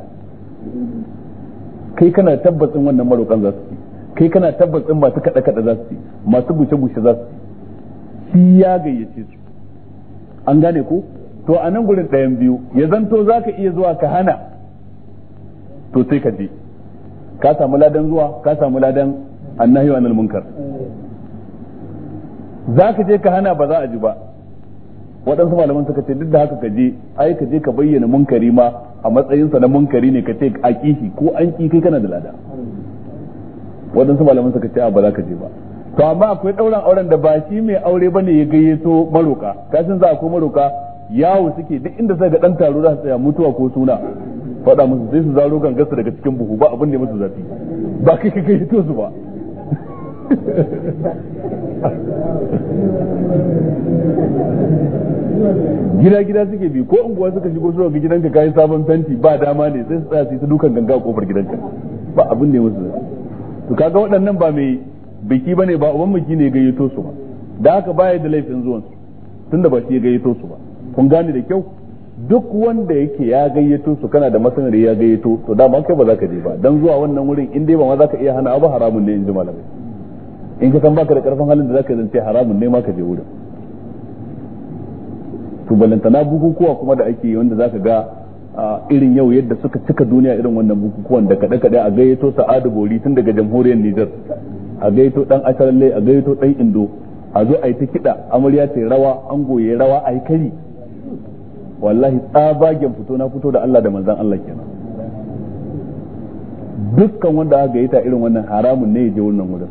kai kana tabbacin wannan marokan za su ci kai kana tabbacin masu kada kada za su ci masu bushe bushe za su ci shi ya gayyace su an gane ko to a nan gurin ɗayan biyu ya zanto za ka iya zuwa ka hana to sai ka je ka samu ladan zuwa ka samu ladan annahi wa munkar za ka je ka hana ba za a ji ba waɗansu malaman suka ce duk da haka ka je ai ka je ka bayyana munkari ma a matsayinsa na munkari ne ka ce a kishi ko an ki kai kana da lada waɗansu malaman suka ce a ba za ka je ba to amma akwai ɗauran auren da ba shi mai aure ba ne ya gayyato maroka kashin za a ko maroka yawo suke duk inda suka ga dan taro za su tsaya mutuwa ko suna faɗa musu sai su zaro gangasa daga cikin buhu ba abin da musu zafi ba kai kai hito su ba gida gida suke bi ko unguwa suka shigo su ga gidanka kayi sabon fenti ba dama ne sai su tsaya su yi dukan ganga a kofar gidanka ba abin da musu zafi to kaga waɗannan ba mai biki bane ba uban biki ne gayyato su ba da haka baya da laifin zuwan su tunda ba shi ya gayyato su ba kun gane da kyau duk wanda yake ya gayyato su kana da masanar ya gayyato to dama kai ba za ka je ba dan zuwa wannan wurin in dai ba ma za ka iya hana ba haramun ne in ji malamai in ka san baka da karfin halin da za ka zance haramun ne ma ka je wurin to na bukukuwa kuma da ake wanda za ka ga irin yau yadda suka cika duniya irin wannan bukukuwan da kada kada a gayyato sa'adu bori tun daga jamhuriyar Nijar a gayyato dan Asalalle a gayyato dan indo a zo a yi ta kiɗa amarya ta rawa an goye rawa a yi kari wallahi tsabagen fito na fito da Allah da manzan Allah kenan dukkan wanda aka gayyata irin wannan haramun ne ya je wannan wurin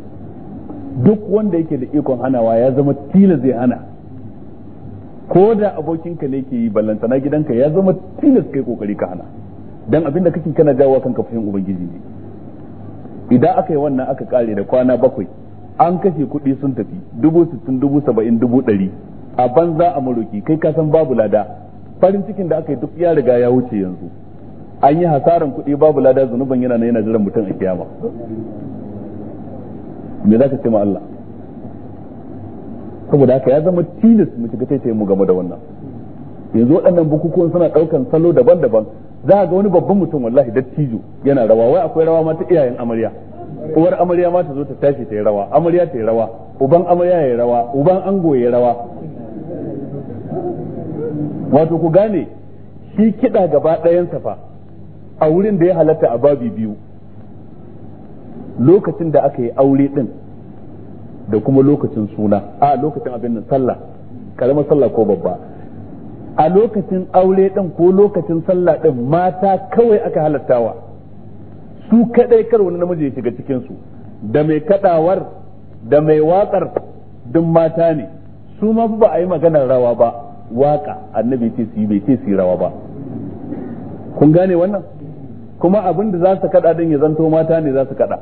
duk wanda yake da ikon hanawa ya zama tila zai hana ko da abokinka ne ke yi ballantana gidanka ya zama tilas kai kokari ka hana dan abin da kake kana jawo kanka fushin ubangiji ne idan aka yi wannan aka kare da kwana bakwai an kashe kuɗi sun tafi dubu sittin dubu saba'in dubu ɗari a banza a maroki kai ka san babu lada farin cikin da aka yi duk ya riga ya wuce yanzu an yi hasaran kuɗi babu lada zunuban yana yana jiran mutum a kiyama me za ka ce ma Allah saboda haka ya zama tilis mu shiga taitaye mu game da wannan yanzu waɗannan bukukuwan suna ɗaukan salo daban-daban za ga wani babban mutum wallahi dattijo yana rawa wai akwai rawa ma ta iyayen amarya uwar amarya ma ta zo ta tashi ta yi rawa amarya ta yi rawa uban amarya ya yi rawa uban ango ya yi rawa wato ku gane shi kiɗa gaba ɗayansa fa a wurin da ya halatta a babi biyu lokacin da aka yi aure ɗin da kuma lokacin suna a lokacin abin nan sallah karamar sallah ko babba a lokacin aure ɗin ko lokacin sallah ɗin mata kawai aka halattawa su kaɗai kar wani namiji ya shiga cikinsu da mai kaɗawar da mai watsar duk mata ne su ma ba a yi maganar rawa ba waka annabi ce su yi bai ce su rawa ba kun gane wannan kuma abin da za su kada din ya zanto mata ne za su kada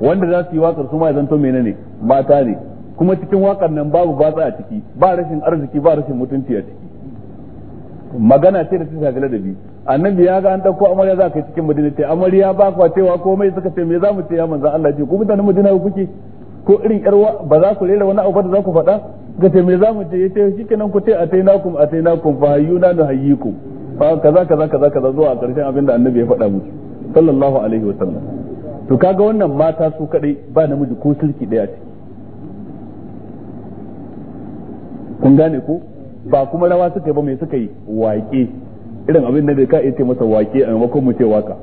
wanda za su yi wakar su ma ya zanto menene mata ne kuma cikin wakar nan babu batsa a ciki ba rashin arziki ba rashin mutunci a ciki magana ce da ta shafi ladabi annabi ya ga an dauko amarya za ka cikin madina ce amarya ba kwa cewa komai suka ce me za mu ce ya manzo Allah ce ku mutanen madina kuke ko irin yarwa ba za ku rera wani abu da za ku faɗa ga ce me za mu ce yace shikenan ku ce atainakum ku fa hayyuna hayyiku fa kaza kaza kaza kaza zuwa a karshen abin da annabi ya faɗa musu sallallahu alaihi wa sallam to kaga wannan mata su kadai ba namiji ko sulki daya ce kun gane ko ba kuma rawa suka yi ba mai suka yi waƙe irin abin da ka yace masa waƙe a maimakon mu ce waka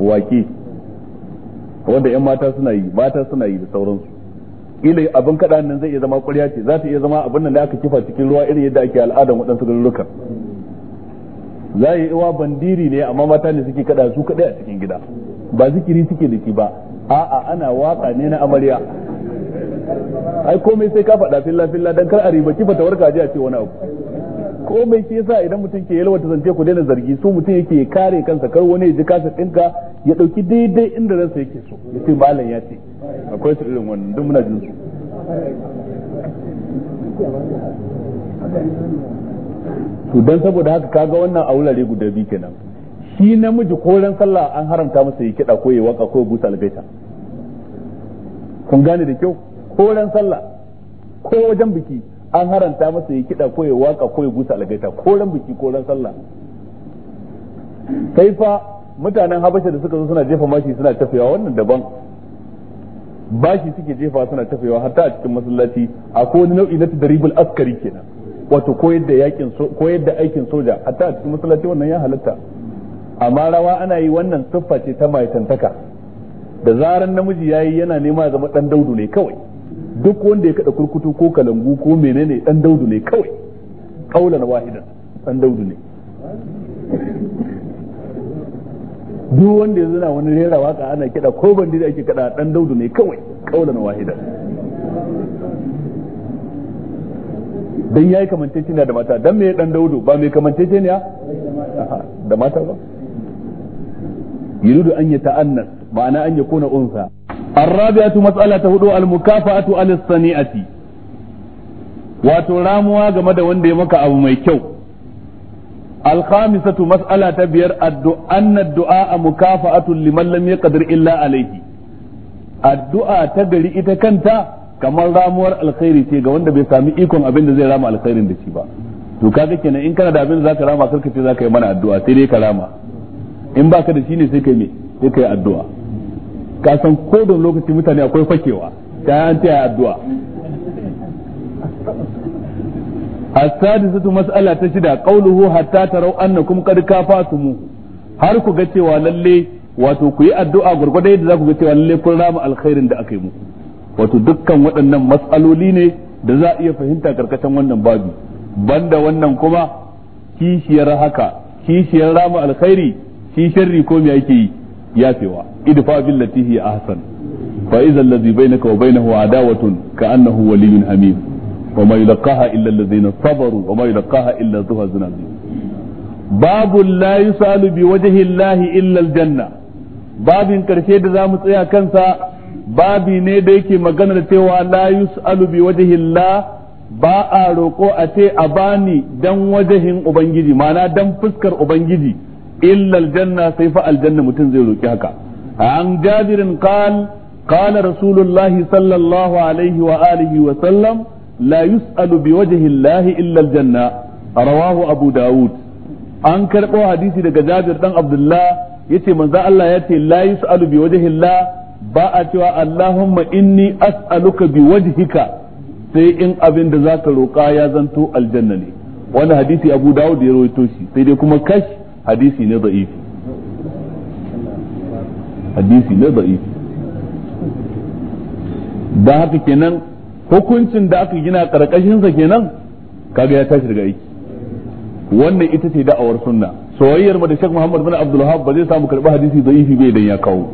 waƙe wanda yan mata suna yi mata suna yi da sauransu ila abin kada nan zai iya zama ƙwarya ce za ta iya zama abin nan da aka kifa cikin ruwa irin yadda ake al'adan waɗansu garurukan za a yi iwa bandiri ne amma mata ne suke kada su kaɗai a cikin gida ba zikiri suke da shi ba a'a ana waka ne na amarya ai komai sai ka faɗa filla filla dan kar a riba kifa ta warka a ce wani abu komai ke yasa idan mutum ke yalwata zance ku daina zargi su mutum yake kare kansa kar wani ya ji kasa ɗinka ya dauki daidai inda ransa yake so ya ce malam ya ce akwai su irin wannan duk muna jin su to dan saboda haka kaga wannan a wurare guda biyu kenan shi namiji ko ran sallah an haramta masa ya kiɗa ko ya waka ko ya busa albaita. kun gane da kyau ko ran sallah ko wajen biki an haranta masa ya kiɗa ko ya waka ko ya busa algaita ko ran biki ko ran sallah kai fa mutanen habasha da suka zo suna jefa mashi suna tafewa wannan daban bashi suke jefa suna tafewa hatta a cikin masallaci akwai wani nau'i na tadaribul askari kenan wato koyar da yakin koyar da aikin soja hatta a cikin masallaci wannan ya halatta amma rawa ana yi wannan siffa ce ta tantaka da zaran namiji yayi yana nema zama dan daudu ne kawai duk wanda ya kada kurkutu ko kalangu ko menene dan daudu ne kawai kaulan wahidan dan daudu ne duk wanda ya na wani rera waka ana kiɗa ko bandi da ake kiɗa dan daudu ne kawai kaulan wahida dan yayi kamanceceniya da mata dan me dan daudu ba mai kamanceceniya da mata ba yuridu an yata'annas ma'ana an yakuna unsa الرابعة مسألة hudu almukafatu على الصنيعة wato ramuwa game da wanda ya maka abu mai kyau alkhamisatu mas'ala ta biyar anna du'a mukafa'atun liman lam yaqdir illa alayhi addu'a ta gari ita kanta kamar ramuwar alkhairi ce ga wanda bai sami iko abin da zai rama alkhairin da shi ba to kaga kenan in kana da abin da zaka rama karka ce zaka yi mana addu'a sai dai ka rama in baka da shi ne sai kai me sai kai addu'a ka san ko da lokaci mutane akwai fakewa ta an ta addu'a as-sadisatu mas'ala ta shida qawluhu hatta tarau annakum qad mu har ku ga cewa lalle wato ku yi addu'a gurgurda yadda za ku ga cewa lalle kun rama alkhairin da aka yi muku wato dukkan waɗannan matsaloli ne da za a iya fahimta karkashin wannan babu banda wannan kuma kishiyar haka kishiyar rama alkhairi shi sharri ko me yake yi yafewa idfa billati hi ahsan fa idza allazi bainaka wa bainahu adawatun ka annahu waliyyun hamim وما يلقاها إلا الذين صبروا وما يلقاها إلا ذو حظ باب لا يسأل بوجه الله إلا الجنة babin karshe da za mu tsaya kansa babi ne da yake maganar cewa la yus'alu bi wajhillah ba a roƙo a ce a bani dan wajahin ubangiji ma'ana dan fuskar ubangiji illa janna sai fa aljanna mutum zai roki haka an jabirin qal qala sallallahu alaihi wa sallam la yus'alu bi wajhi Allah illa aljanna rawahu Abu Dawud an karɓo hadisi daga Jabir dan Abdullah yace manzo Allah ya ce yus'alu bi wajhi Allah ba a cewa Allahumma inni as aluka bi wajhika sai in abin da zaka roƙa ya zanto aljanna ne wani hadisi Abu Dawud ya rawaito shi sai dai kuma kash hadisi ne da'ifi hadisi ne da'ifi da haka kenan hukuncin da aka gina karkashinsa kenan kaga ya tashi daga aiki wannan ita ce da'awar sunna soyayyar mu da Sheikh Muhammad bin Abdul Wahhab ba zai samu karba hadisi da'ifi bai dan ya kawo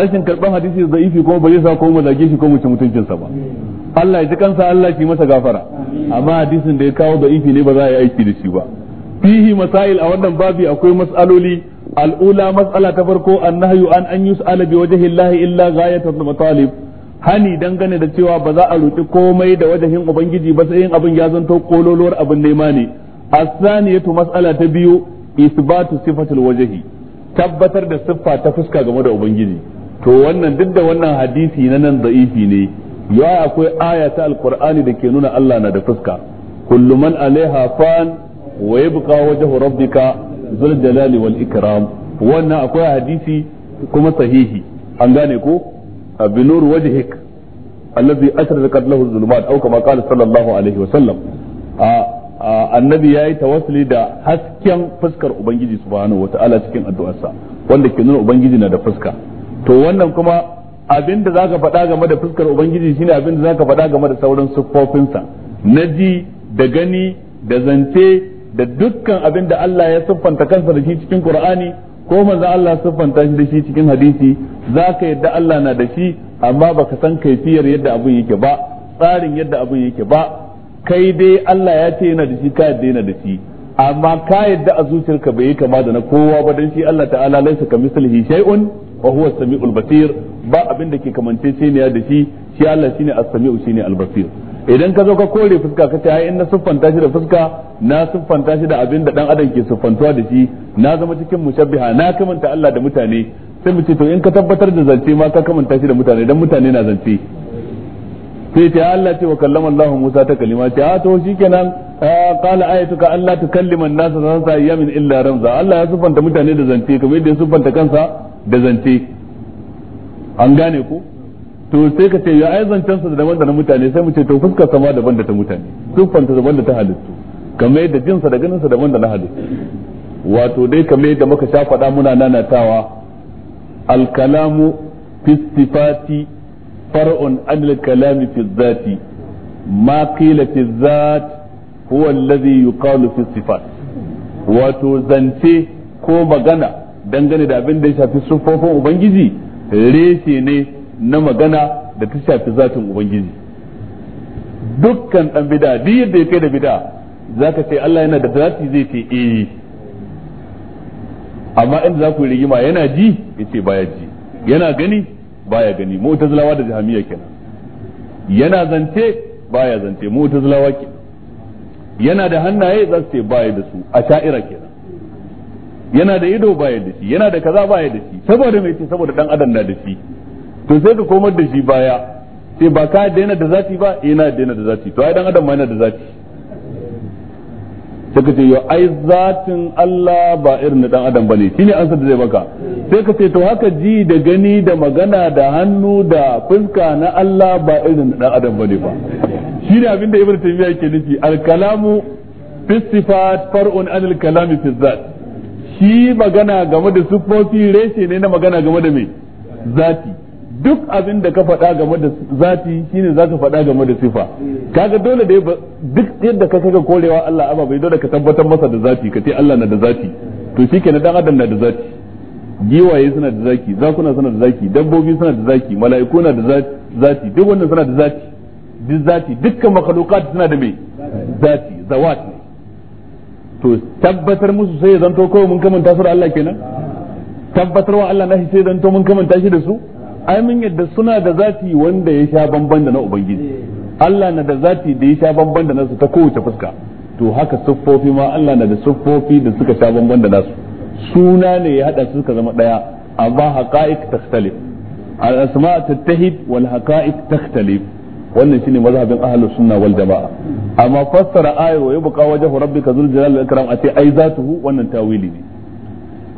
rashin karban hadisi za'ifi kuma ba zai sa ko mu zage shi ko mu ci mutuncin sa ba Allah ya ji kansa Allah ya masa gafara amma hadisin da ya kawo za'ifi ne ba za a yi aiki da shi ba fihi masail a wannan babi akwai mas'aloli al'ula mas'ala ta farko annahyu an an yus'ala bi wajhi Allah illa da matalib hani dangane da cewa ba za a roƙi komai da wajahin ubangiji ba sai yin abin ya zanto kololuwar abin nema ne asaniyatu mas'ala ta biyu isbatu sifatul wajhi tabbatar da siffa ta fuska game da ubangiji to wannan duk da wannan hadisi na nan da'ifi ne ya akwai aya ta alqur'ani da ke nuna Allah na da fuska kullu man alaiha fan wa yabqa wajhu rabbika zul jalali wal ikram wannan akwai hadisi kuma sahihi an gane ko بنور وجهك الذي أشرقت له الظلمات أو كما قال صلى الله عليه وسلم annabi ya yi tawassuli da hasken fuskar ubangiji subhanahu wata'ala cikin addu'arsa wanda ke nuna ubangiji na da fuska to wannan kuma abin da zaka faɗa game da fuskar ubangiji shine abin da zaka faɗa game da sauran siffofinsa na ji da gani da zance da dukkan abin da Allah ya siffanta kansa da shi cikin Qur'ani ko manzo Allah siffanta shi da shi cikin hadisi zaka yadda Allah na da shi amma baka san kaifiyar yadda abin yake ba tsarin yadda abin yake ba kai dai Allah ya ce yana da shi ka yadda yana da shi amma ka yadda a zuciyarka bai yi kama da na kowa ba dan shi Allah ta'ala laisa ka mislihi shay'un wa huwa samiul basir ba abin da ke ya da shi shi Allah shine as-sami'u shine al-basir idan ka zo ka kore fuska ka ce in na siffanta shi da fuska na siffanta shi da abin da dan adam ke siffantuwa da shi na zama cikin mushabbiha na kamanta Allah da mutane sai mu ce to in ka tabbatar da zance ma ka kamanta shi da mutane dan mutane na zance sai ta Allah ce wa kallama Allah Musa ta kalima ta to shikenan qala ayatuka alla tukallima an-nasa thalathata yamin illa ramza Allah ya siffanta mutane da zance kamar yadda ya siffanta kansa da zance an gane ku. to sai ka ce ya ai zancen sa daban da na mutane sai mu ce to fuskar sama daban da ta mutane siffanta daban da ta halittu kamar yadda jin sa da ganin sa daban da na halittu wato dai kamar yadda muka sha faɗa muna nanatawa al-kalamu fi sifati far'un an al-kalami fi zati ma qila fi dhat huwa alladhi yuqalu fi sifat wato zance ko magana dangane da abin da ya shafi siffofin ubangiji reshe ne na magana da ta shafi zatin ubangiji dukkan dan bid'a duk yadda ya kai da bid'a zaka ce Allah yana da zati zai ce eh amma in za ku yi rigima yana ji ya ce baya ji yana gani baya gani zulawa da jahamiya kenan yana zance baya zance zulawa kenan yana da hannaye za su ce baya da su a sha'ira kenan yana da ido baya da shi yana da kaza baya da shi saboda mai ce saboda dan adam na da shi to sai ka komar da shi baya sai ba ka daina da zati ba ina eh, daina da zati to ai dan adam ma yana da zati sai ka ce yo ai zatin Allah ba irin na dan adam bane shine ansar da zai baka sai ka ce to haka ji da gani da magana da hannu da fuska na Allah ba irin na dan adam bane ba shine abin da ibnu taymiya yake nufi al kalamu fi sifat far'un al kalami fi zat shi magana game da sufofi reshe ne na magana game da me zati duk abin da ka faɗa game da zati shine za ka faɗa game da sifa kaga dole da duk yadda ka saka korewa Allah amma bai dole ka tabbatar masa da zati ka ce Allah na da zati to shikenan dan adam na da zati giwaye suna da zaki zakuna suna da zaki dabbobi suna da zaki mala'iku na da zati duk wannan suna da zati duk zati dukkan makhluqat suna da mai zati zawat to tabbatar musu sai zanto kawai mun kamanta su da Allah kenan tabbatarwa Allah shi sai zanto mun kamanta shi da su ai mun yadda suna da zati wanda ya sha bamban da na ubangiji Allah na da zati da ya sha bamban da nasu ta kowace fuska to haka siffofi ma Allah na da siffofi da suka sha bamban da nasu suna ne ya hada su suka zama daya amma haqa'iq takhtalif al asma tattahid wal haqa'iq takhtalif wannan shine mazhabin ahlus sunna wal jamaa amma fassara ayar wa yabqa wajhu rabbika zul jalali wal ikram ace ai zatuhu wannan tawili ne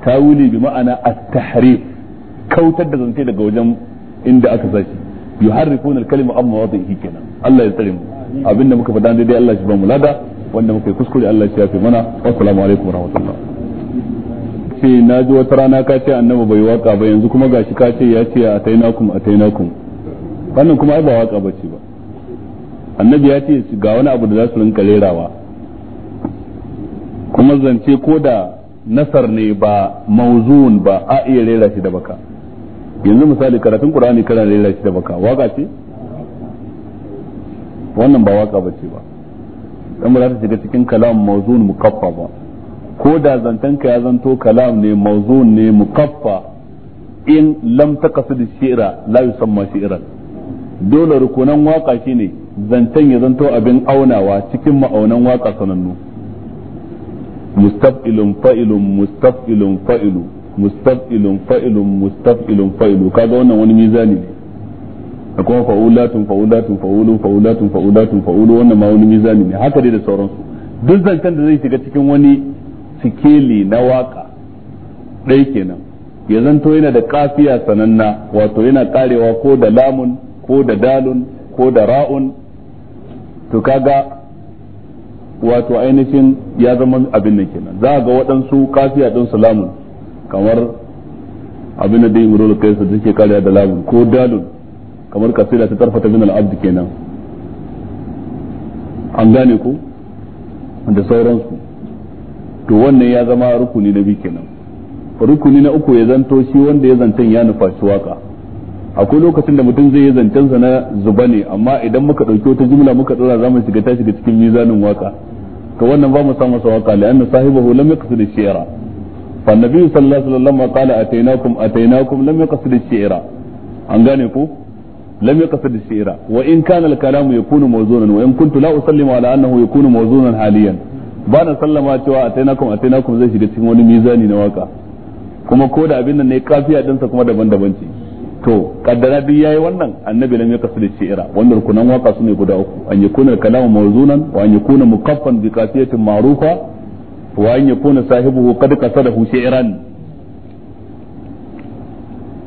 tawili bi ma'ana at-tahrif kautar da zance daga wajen inda aka sashi yuharrifuna al-kalima amma wadhihi kenan Allah ya tsare mu abinda muka faɗa dai-dai, Allah shi ba mu lada wanda muka yi kuskure Allah shi ya fi mana assalamu alaikum warahmatullahi ce na ji wata rana ka ce annabi bai waka ba yanzu kuma gashi ka ce ya ce a tainakum a tainakum wannan kuma ai ba waka ce ba annabi ya ce ga wani abu da za su rinka rerawa kuma zance ko da nasar ne ba mauzun ba a iya rera shi da baka yanzu misali karatun qur'ani kana rera shi da baka waka ce wannan ba waka bace ba dan ba za ta shiga cikin kalam mawzun mukaffa ba ko da zantanka ya zanto kalam ne mawzun ne mukaffa in lam da shi'ra la yusamma shi'ran dole rukunan waka shine zantan ya zanto abin aunawa cikin ma'aunan waka sanannu mustaf'ilun fa'ilun mustaf'ilun fa'ilu mustaf'ilun fa'ilun mustaf'ilun fa'ilu kaga wannan wani mizani ne akwai fa'ulatun fa'ulatun fa'ulun fa'ulatun fa'ulatun fa'ulu wannan ma wani mizani ne haka dai da sauransu duk zancen da zai shiga cikin wani sikeli na waka ɗaya kenan ya zanto yana da kafiya sananna wato yana karewa ko da lamun ko da dalun ko da ra'un to kaga wato ainihin ya zama abin nan kenan za a ga waɗansu kafiya ɗin su lamun kamar abin da yi murar kai da take kariya da lamun ko dalun kamar kasira ta tarfata min al kenan an gane ku da sauransu to wannan ya zama rukuni na biyu kenan rukuni na uku ya zanto shi wanda ya zantan ya nufa shi waka akwai lokacin da mutum zai yi zancensa na zuba ne amma idan muka ɗauki wata jumla muka ɗora za mu shiga tashi shiga cikin mizanin waka to wannan ba mu sa masa waka li'anna sahibahu lam yaqsid shi'ra فالنبي صلى الله عليه وسلم قال أتيناكم أتيناكم لم يقصد الشعر عن قانقوا لم يقصد الشعر وإن كان الكلام يكون موزونا وإن كنت لا أسلم على أنه يكون موزونا حاليا bana sallama cewa atainakum atainakum zai shiga cikin wani mizani na waka kuma ko da abin nan ne kafiya dinsa kuma daban-daban ce to kaddara duk yayi wannan annabi lam yakasu da shi'ira wanda rukunan waka ne guda uku an yakuna kalamu mawzunan wa an yakuna mukaffan bi qafiyatin ma'rufa wa an yakuna sahibuhu qad qasadahu iran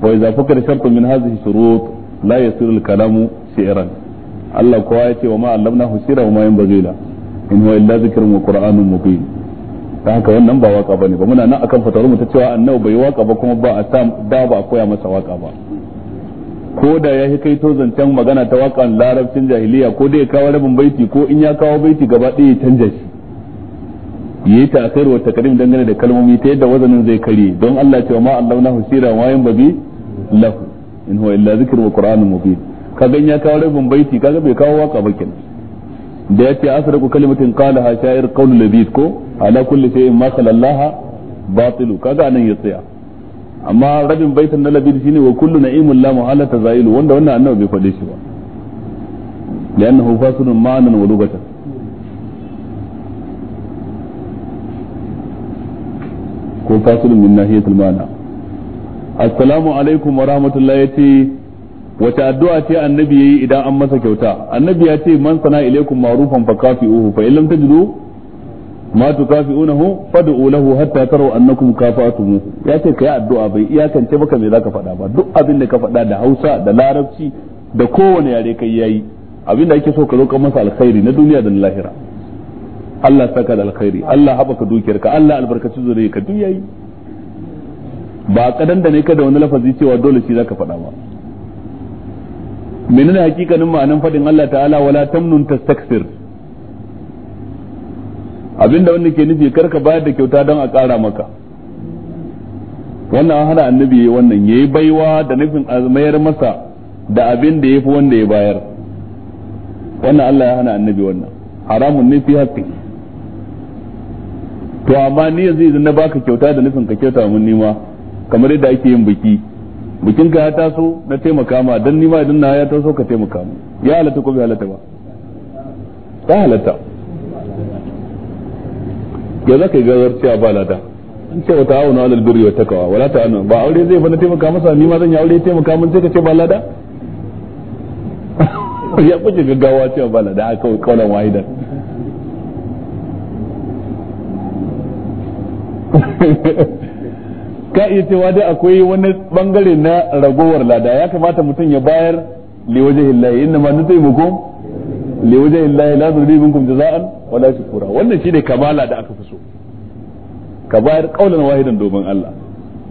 wa idza fakara shartun min hadhihi shurut la yasiru al-kalamu iran Allah kowa ya ce wa ma allamnahu sirra wa ma yanbaghi la in huwa illa dhikrun wa qur'anun mubin ta haka wannan ba waka bane ba muna nan akan fataru mu ta cewa annabi bai waka ba kuma ba a da ba koya masa waka ba ko da ya kai to zancen magana ta wakan larabcin jahiliya ko da ya kawo rabin baiti ko in ya kawo baiti gaba ɗaya ya canja shi Yi ta akai wa takarim dangane da kalmomi ta yadda wazanin zai kare don Allah ce ma Allah na husira wa yan babi lahu in huwa illa zikr wa qur'an mubin ka gan ya kawo rabin baiti kaga bai kawo waka ba kin da yace asraku kalimatin qala ha sha'ir qawl labid ko ala kulli shay'in ma khalallaha batilu kaga anan ya tsaya amma rabin baitin na labid shine wa kullu na'imun la muhalata zailu wanda wannan annabi bai faɗe shi ba li'annahu fasilun ma'anan wa lugatan ko fasilun min nahiyatul ma'ana assalamu alaikum wa rahmatullahi yace wace addu'a ce annabi yayi idan an masa kyauta annabi ya ce man sana ilaikum ma'rufan fa kafi'uhu fa illam tajidu ma tukafi'unahu fad'u lahu hatta taru annakum kafa'tumuhu ya ce kai addu'a bai iyakance baka me zaka faɗa ba duk abin da ka faɗa da Hausa da Larabci da kowane yare kai yayi abin da ake so ka roƙa masa alkhairi na duniya da na lahira Allah saka da alkhairi Allah haɓaka dukiyarka Allah albarkaci ka duk yayi ba kadan da ne ka da wani lafazi cewa dole shi zaka faɗa ba menene hakikanin ma'anan faɗin Allah ta'ala wala tamnun tastaksir abinda wanda ke nufi karka bayar da kyauta don a ƙara maka wannan hana annabi ya wannan yayi baiwa da nufin mayar masa da abin da yafi wanda ya bayar wannan Allah ya hana annabi wannan haramun ne fi haƙƙi to amma ni yanzu idan na baka kyauta da nufin ka kyauta mun nima kamar yadda ake yin biki bikin ka ya taso na taimaka ma dan nima idan na ya taso ka taimaka mu ya halatta ko bai halatta ba ta halatta ya za ka yi gazar cewa ba lada an ce wata awon alal birri wata kawa wala ta anu ba aure zai fa na taimaka masa ni ma zan yi aure taimaka mun sai ka ce ba lada *laughs* ya kuje gaggawa cewa ba lada a kawai kawai wahidan *laughs* ka iya cewa dai akwai wani bangare na ragowar lada ya kamata mutum ya bayar liwajen illahi inna ma nutai muku liwajen illahi la zuri minkum jaza'an wala shukura wannan shine kamala da aka fi so ka bayar kaulan wahidan domin Allah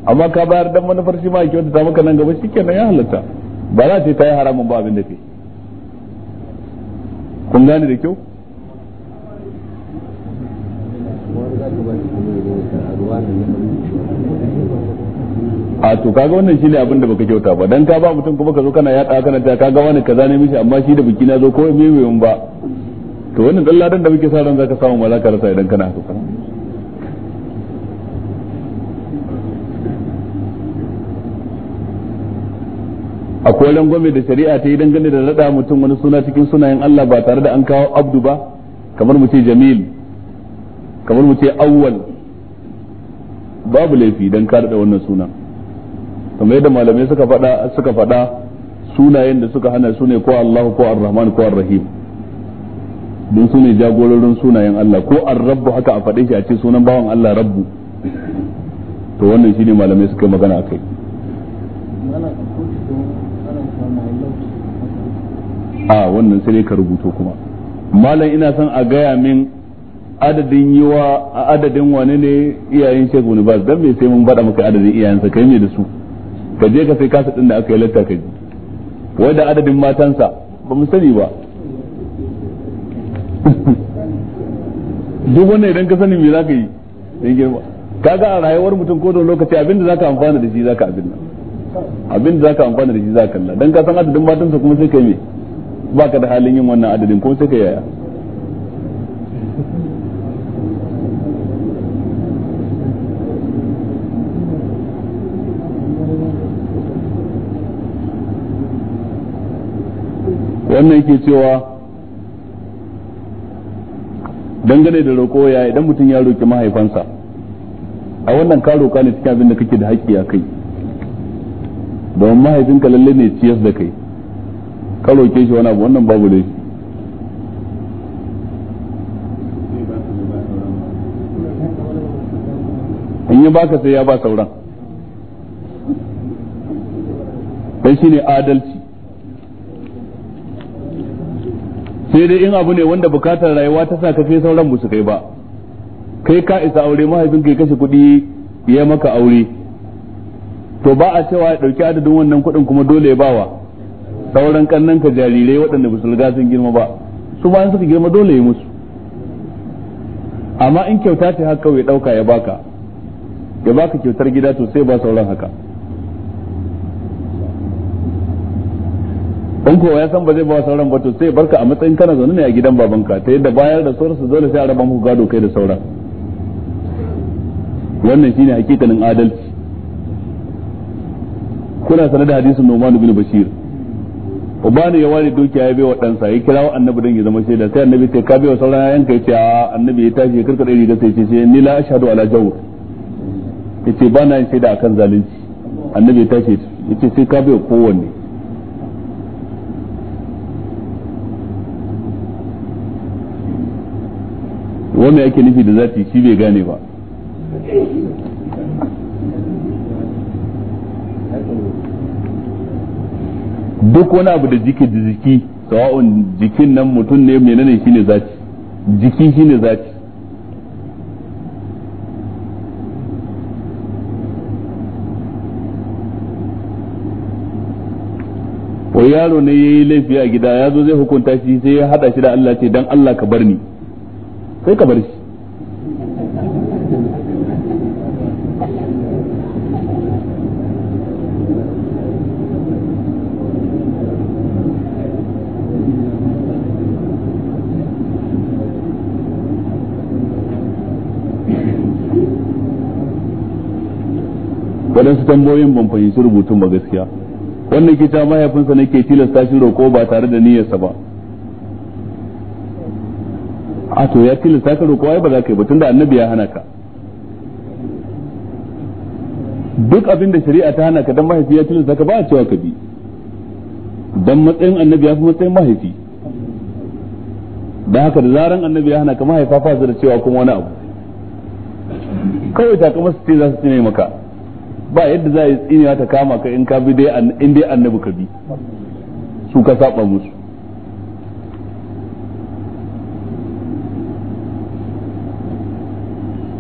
amma ka bayar dan manufar shi ma kyauta ta maka nan gaba shikenan ya halatta ba za ta yi haramun ba abin da ke kun gane da kyau a to kaga wannan shine abin da baka kyauta ba dan ka ba mutum kuma ka zo kana yada kana ta kaga wani kaza ne mishi amma shi da biki na zo ko me me ba to wannan dan ladan da muke sa ran zaka samu malaka rasa idan kana haka akwai rangwame da shari'a ta yi dangane da nada mutum wani suna cikin sunayen Allah ba tare da an kawo abdu ba kamar mu ce jamil kamar mu ce awwal babu laifi don ka da wannan suna kamar yadda malamai suka faɗa suka faɗa sunayen da suka hana su ne ko Allahu ko Ar-Rahman ko Ar-Rahim don su ne jagororin sunayen Allah ko Ar-Rabbu haka a faɗe shi a ce sunan bawan Allah Rabbu to wannan shine malamai suka yi magana akai a wannan sai ka rubuto kuma malam ina son a gaya min adadin yiwa a adadin wani ne iyayen shegu ne ba don me sai mun bada maka adadin iyayensa kai ne da su ka je ka sai kasa din da aka yi latta ka ji wai da adadin matansa ba mu sani ba duk wannan idan ka sani me za ka yi don girma kaga a rayuwar mutum ko da lokaci abinda ka amfana da shi ka abin nan abinda ka amfana da shi ka kalla dan ka san adadin matansa kuma sai kai me ka da halin yin wannan adadin ko sai ka yaya wannan yake cewa dangane da roƙo ya idan mutum ya roƙi mahaifansa a wannan ka roƙa ne cikin abin da kake da haƙƙi a kai domin mahaifinka lalle ne ciyas da kai ka roƙe shi wani abu wannan babu da shi in yi baka sai ya ba sauran dan ne adalci sai dai in abu ne wanda bukatar rayuwa ta sa ka sauran ba kai ba kai ka isa aure mahaifin kai kashe kuɗi ya maka aure to ba a cewa ya ɗauki adadin wannan kuɗin kuma dole ya bawa sauran kannan ka jarirai waɗanda ba su riga sun girma ba su bayan suka girma dole ya musu amma in kyauta ce haka ya dauka ya baka ya baka kyautar gida to sai ba sauran haka in kowa ya san ba zai ba sauran ba to sai barka a matsayin kana zaune ne a gidan babanka ta yadda bayar da sauransu dole sai a raba muku gado kai da sauran wannan shine hakikanin adalci kuna sanar da hadisin Numan ibn Bashir ubani ya ware dukiya ya baiwa ɗansa ya kira wa annabi don ya zama shaida sai annabi ce ka baiwa sauran yayan ka ce a annabi ya tashi ya karkade riga sai ce sai ni la ashhadu ala jawr yace ba na yin shaida akan zalunci annabi ya tashi yace sai ka baiwa kowanne wa me ake nufi da zati shi bai gane ba duk wani abu da jike da jiki sawa'un jikin nan mutum ne mai shi shine zati jiki shine zati ko yaro ne yayi laifi a gida ya zo zai hukunta shi sai ya hada shi da Allah ce dan Allah ka bar ni sai ka bari waɗansu tambayoyin ban fahimci rubutun ba gaskiya wannan kita mahaifinsa ne ke tilasta shi roƙo ba tare da niyyarsa ba a to ya tilasta ka roƙo ai ba za ka yi ba tunda annabi ya hana ka duk abin da shari'a ta hana ka dan mahaifi ya tilasta ka ba a cewa ka bi dan matsayin annabi ya fi matsayin mahaifi da haka da zaran annabi ya hana ka mahaifa fa da cewa kuma wani abu kawai kuma su ce za su tsine maka ba yadda za a yi tsinewa ta kama ka in ka bi dai in dai annabi ka bi su ka saba musu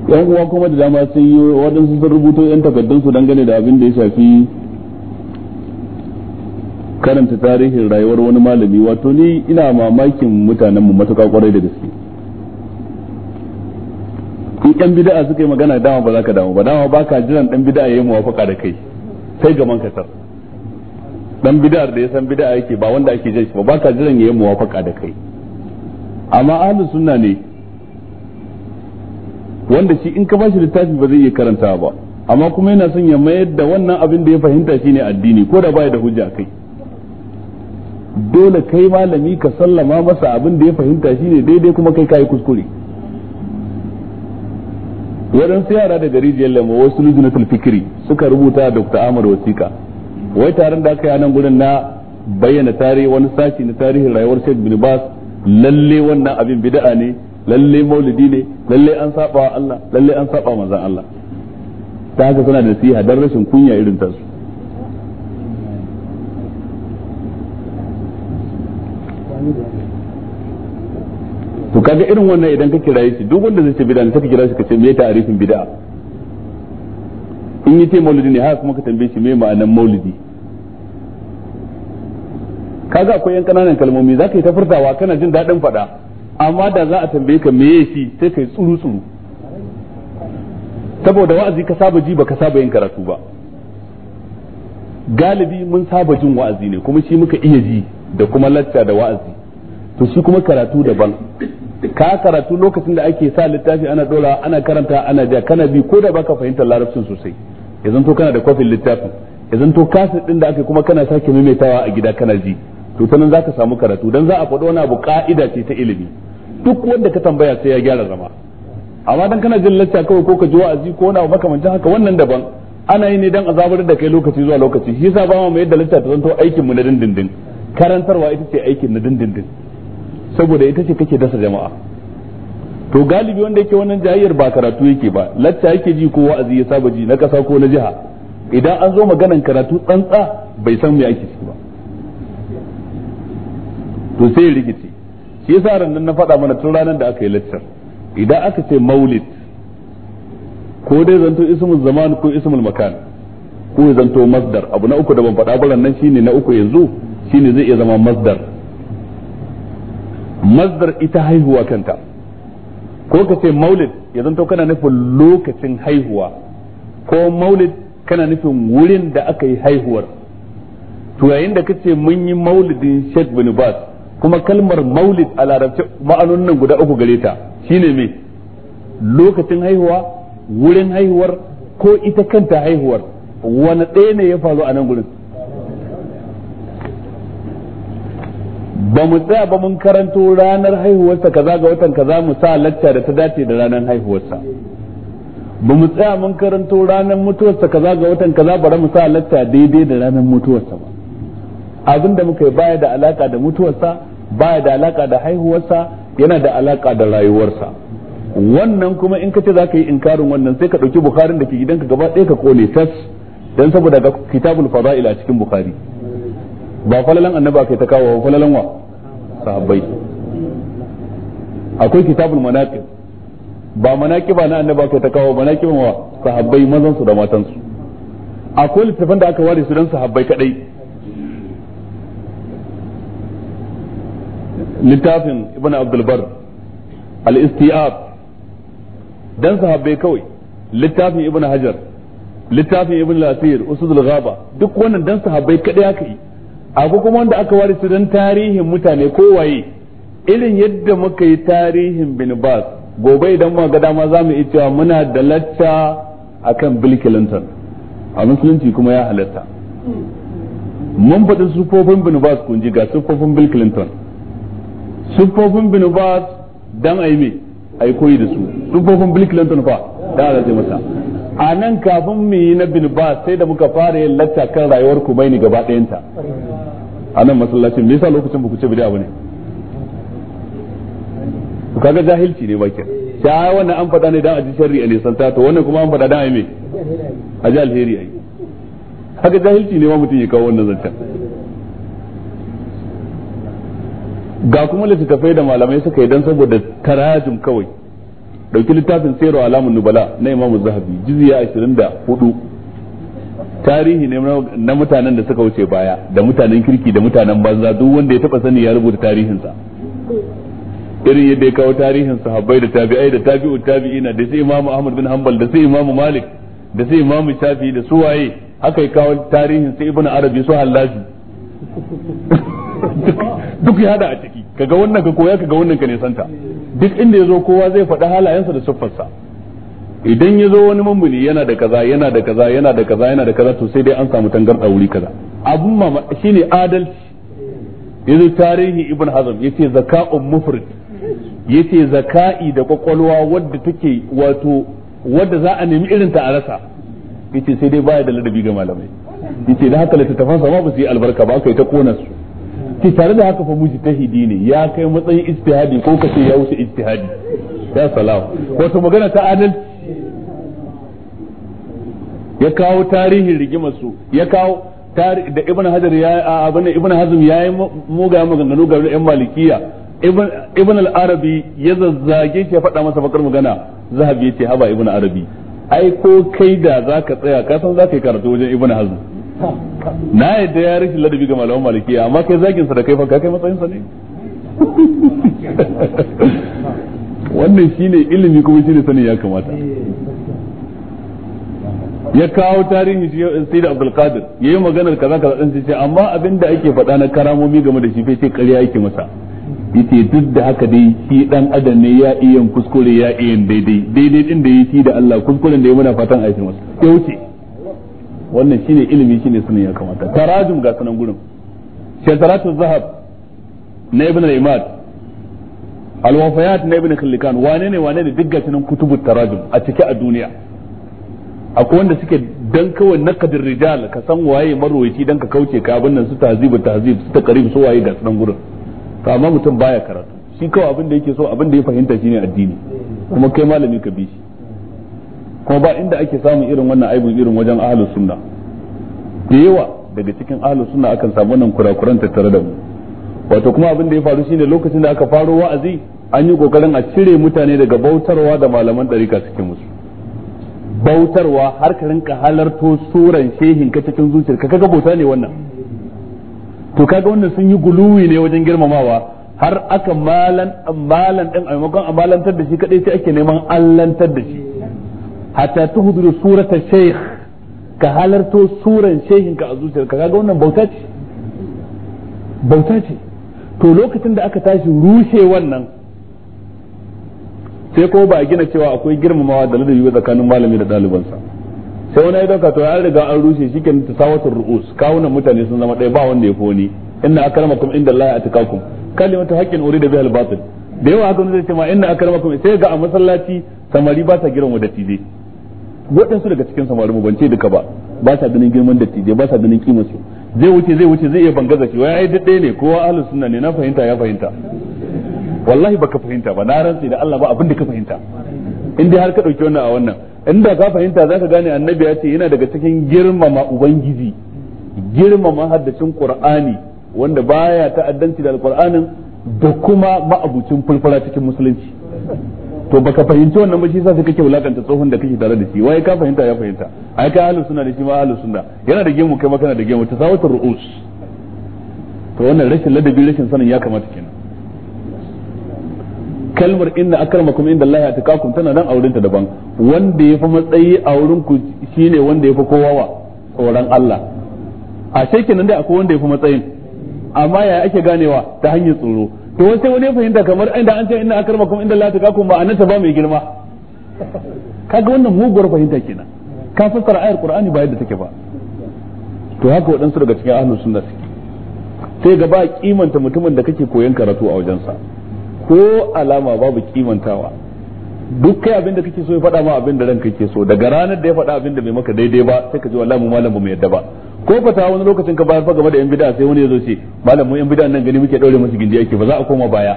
yan uwa kuma da dama sun yi waɗansu sun rubuto yan takardun su dangane da abin da ya shafi karanta tarihin rayuwar wani malami wato ni ina mamakin mutanen mu matuƙa kwarai da gaske in ɗan bida'a suka yi magana dama ba za ka damu ba dama ba ka jiran ɗan bida'a ya yi muwafaka da kai sai man kasar ɗan bida'ar da ya san bida'a yake ba wanda ake jan shi ba ka jiran ya yi muwafaqa da kai amma ahalin sunna ne wanda shi in ka bashi littafi ba zai iya karanta ba amma kuma yana son ya mayar da wannan abin da ya fahimta shine addini ko da baya da hujja kai dole kai malami ka sallama masa abin da ya fahimta shine daidai kuma kai kai kuskure waɗansu yara daga rijiyar lemo wasu lujunatul fikiri suka rubuta dr ahmad wasiqa wai taron da aka yi nan gudun na bayyana tarihi wani sashi na tarihin rayuwar sheikh bin bas lalle wannan abin bid'a ne lalle maulidi ne lalle an saba wa Allah lalle an saba manzon Allah ta haka suna da nasiha dan rashin kunya irin ta su. to kaga irin wannan idan kake rayu shi duk wanda zai ce bid'a ne ka kira shi ka ce me ta'arifin bid'a in yi ce maulidi ne haka kuma ka tambaye shi me ma'anan maulidi kaga akwai yan kananan kalmomi zaka yi ta furtawa kana jin daɗin faɗa amma da za a tambaye ka meye shi sai kai tsuru tsuru saboda wa'azi ka saba ji baka saba yin karatu ba galibi mun saba jin wa'azi ne kuma shi muka iya ji da kuma lacca da wa'azi to shi kuma karatu daban ka karatu lokacin da ake sa littafi ana dora ana karanta ana ja kana bi ko da baka fahimtar larabcin sosai yanzu to kana da kofin littafin yanzu to kaset din da aka kuma kana sake maimaitawa a gida kana ji to sanan za zaka samu karatu dan za a faɗo wani abu ka'ida ce ta ilimi duk wanda ka tambaya sai ya gyara zama amma dan kana jin lacca kawai ko ka ji wa'azi ko na makamancin haka wannan daban ana yi ne dan zabar da kai lokaci zuwa lokaci shi yasa ba mu yadda lacca ta zanto aikin mu na dindindin karantarwa ita ce aikin na dindindin saboda ita ce kake dasa jama'a to galibi wanda yake wannan jayyar ba karatu yake ba lacca yake ji ko wa'azi ya saba ji na kasa ko na jiha idan an zo maganan karatu tsantsa bai san me ake ciki ba to sai rikici shi yasa ran na faɗa mana tun ranar da aka yi lecture idan aka ce maulid ko dai zanto ismul zaman ko ismul makan ko ya zanto masdar abu na uku da ban faɗa ba nan shine na uku yanzu shine zai iya zama masdar masdar ita haihuwa kanta ko ka ce maulid ya zanto kana nufin lokacin haihuwa ko maulid kana nufin wurin da aka yi haihuwar to yayin da kace mun yi maulidin Sheikh bin Bas kuma kalmar maulid a larabci ma'anonin nan guda uku gare ta shine me lokacin haihuwa wurin haihuwar ko ita kanta haihuwar wani ɗaya ne ya faru a nan gurin ba mu tsaya ba mun karanto ranar haihuwarsa kaza ga watan kaza mu sa lacca da ta dace da ranar haihuwarsa ba mu tsaya mun karanto ranar mutuwarsa kaza ga watan kaza bara mu sa lacca daidai da ranar mutuwarsa ba abin da muka yi baya da alaka da mutuwarsa baya da alaka da haihuwarsa yana da alaka da rayuwarsa wannan kuma in ka ce za ka yi inkarin wannan sai ka ɗauki bukharin da ke gidanka gaba ɗaya ka kone tas dan saboda ga kitabul fada'il a cikin bukhari ba falalan annaba kai ta kawo ba falalan wa sahabbai akwai kitabul manaqib ba manaqiba na annaba kai ta kawo manaqiban wa sahabbai mazan su da matan su akwai littafin da aka ware su dan sahabbai kadai littafin ibn abdulbar al istiab dan sahabbai kawai littafin ibn hajar littafin ibn lasir usudul ghaba duk wannan dan sahabbai kadai aka yi akwai kuma wanda aka ware su dan tarihin mutane kowaye irin yadda muka yi tarihin bin bas gobe idan mu ga dama zamu yi cewa muna da latta akan bill a musulunci kuma ya halatta mun faɗi sufofin bin bas kun ji ga sufofin bill siffofin bin dan aime a ai koyi da su siffofin Bill Clinton fa da Allah zai masa a nan kafin mu yi na bin sai da muka fara yin latta kan rayuwar ni gaba ɗayanta a nan masallacin me yasa lokacin ba ku ce abu ne ku kaga jahilci ne bakin ta wannan an faɗa ne dan a ji sharri a nisan ta to wannan kuma an faɗa dan aime me a ji alheri ai haka jahilci ne ma mutum ya kawo wannan zancen ga kuma littattafai da malamai suka yi don saboda tarajum kawai dauki littafin sayarwa alamun nubala na imamu zahabi jizya 24 tarihi ne na mutanen da suka wuce baya da mutanen kirki da mutanen banza duk wanda ya taba sani ya rubuta tarihinsa irin yadda ya kawo tarihin sahabbai da tabi'ai da tabi'u tabi'ina da sai imamu ahmad bin hanbal da sai imamu malik da sai imamu shafi da suwaye haka ya kawo tarihin sai ibnu arabi su hallaji duk ya hada a ciki kaga wannan ka koya kaga wannan ka santa duk inda yazo kowa zai faɗi halayensa da siffarsa idan yazo wani mambuni yana da kaza yana da kaza yana da kaza yana da kaza to sai dai an samu tangarɗa wuri kaza abun mama shine adalci yanzu tarihi ibn hazm yace zaka'un mufrid yace zaka'i da kwakwalwa wadda take wato wadda za a nemi irin ta a rasa yace sai dai baya da ladabi ga malamai yace da haka littattafansa ma ba su yi albarka ba aka yi ta kona su ce tare da haka fa mujtahidi ne ya kai matsayin ijtihadi ko ka ce ya wuce ijtihadi ya salam wato magana ta adal ya kawo tarihin rigimar su ya kawo da ibn hajar ya abin ibn hazm yayi muga maganganu ga yan malikiya ibn al-arabi ya zazzage shi ya faɗa masa bakar magana zahabi ya ce haba ibn arabi ai ko kai da zaka tsaya ka san zaka yi karatu wajen ibn hazm na yadda ya rashin ladabi ga malaman malikiya amma kai zagin sa da kai fanka ka kai matsayin sa ne wannan shine ilimi kuma shine sanin ya kamata ya kawo tarihi sai da Abdul Qadir yayi maganar kaza kaza din ce amma abinda ake faɗa na karamomi game da shi bai ce ƙarya yake masa yace duk da haka dai shi dan adam ne ya iya kuskure ya iya daidai daidai din da yi shi da Allah kuskuren da ya muna fatan a yi masa ya wuce wannan shine ilimi shine sunan ya kamata tarajum ga sanan gurin shataratu zahab na ibn al-imad al-wafayat na ibn khalikan wane ne wane ne duk ga sanan kutubu tarajum a cike a duniya akwai wanda suke dan kawai naqdir rijal ka san waye marwayi dan ka kauce ka abin nan su tahzibu tazib su taqrib su waye ga sanan gurin to amma mutum baya karatu shi kawai abin da yake so abin da ya fahimta shine addini kuma kai malami ka bi shi kuma ba inda ake samun irin wannan aibin irin wajen ahlus sunna da yawa daga cikin ahlus sunna akan samu wannan kurakuran tattare da mu wato kuma abin da ya faru shine lokacin da aka faro wa'azi an yi kokarin a cire mutane daga bautarwa da malaman dariƙa cikin musu bautarwa har ka rinka halarto suran shehin ka cikin zuciyarka kaga bauta ne wannan to kaga wannan sun yi guluwi ne wajen girmamawa har aka malan malan din a maimakon a malantar da shi kadai sai ake neman allantar da shi hatta tuhdur surata shaykh ka halarto suran shehin ka a zuciyarka kaga wannan bauta ce bauta ce to lokacin da aka tashi rushe wannan sai ko ba a gina cewa akwai girmamawa da ladabi ba tsakanin malami da ɗalibansa sai wani ya dauka to an riga an rushe shi kenan tasawatul ru'us kawunan mutane sun zama ɗaya ba wanda ya foni inna akramakum inda Allah atakakum kalimatu haqqin urida bihal batil da yawa haka zai ce ma inna akramakum sai ga a masallaci samari ba sa girman dattijai waɗansu daga cikin samari mu bance duka ba ba sa ganin girman dattijai ba sa ganin kimar su zai wuce zai wuce zai iya bangaza shi wai ai duk ɗaya ne kowa ahlus sunna ne na fahimta ya fahimta wallahi baka fahimta ba na rantsi da Allah ba abin da ka fahimta inda har ka dauki wannan a wannan inda ka fahimta zaka gane annabi ya ce yana daga cikin girmama ubangiji girmama haddacin qur'ani wanda baya ta'addanci da alqur'anin da kuma ma'abucin fulfula cikin musulunci to baka fahimci wannan ba shi yasa kake wulakanta tsohon da kake tare da shi wai ka fahimta ya fahimta ai kai ahlus sunna da shi ma ahlus sunna yana da gemu kai ma kana da gemu ta tasawatur ru'us to wannan rashin ladabi rashin sanin ya kamata kenan kalmar inna akramakum inda Allah ya takakum tana nan aurinta daban wanda ya fi matsayi a wurin ku shine wanda ya fi kowa wa tsoron Allah a shekin nan da akwai wanda ya fi matsayin amma ya ake ganewa ta hanyar tsoro to sai wani ya fahimta kamar inda an ce inna akramakum inda Allah takakum ba annata ba mai girma kaga wannan muguwar fahimta kenan ka fassara ayar qur'ani ba yadda take ba to haka waɗansu daga cikin ahlus sunna suke sai ga ba kimanta mutumin da kake koyon karatu a wajensa ko alama babu kimantawa duk kai abin da kake so ya faɗa ma abin da ranka ke so daga ranar da ya faɗa abin da bai maka daidai ba sai ka ji wallahi mu malam ba mu yadda ba ko ta wani lokacin ka bayar fa game da yan bid'a sai wani ya zo ce malam mu yan bid'a nan gani muke daure musu gindi yake ba za a koma baya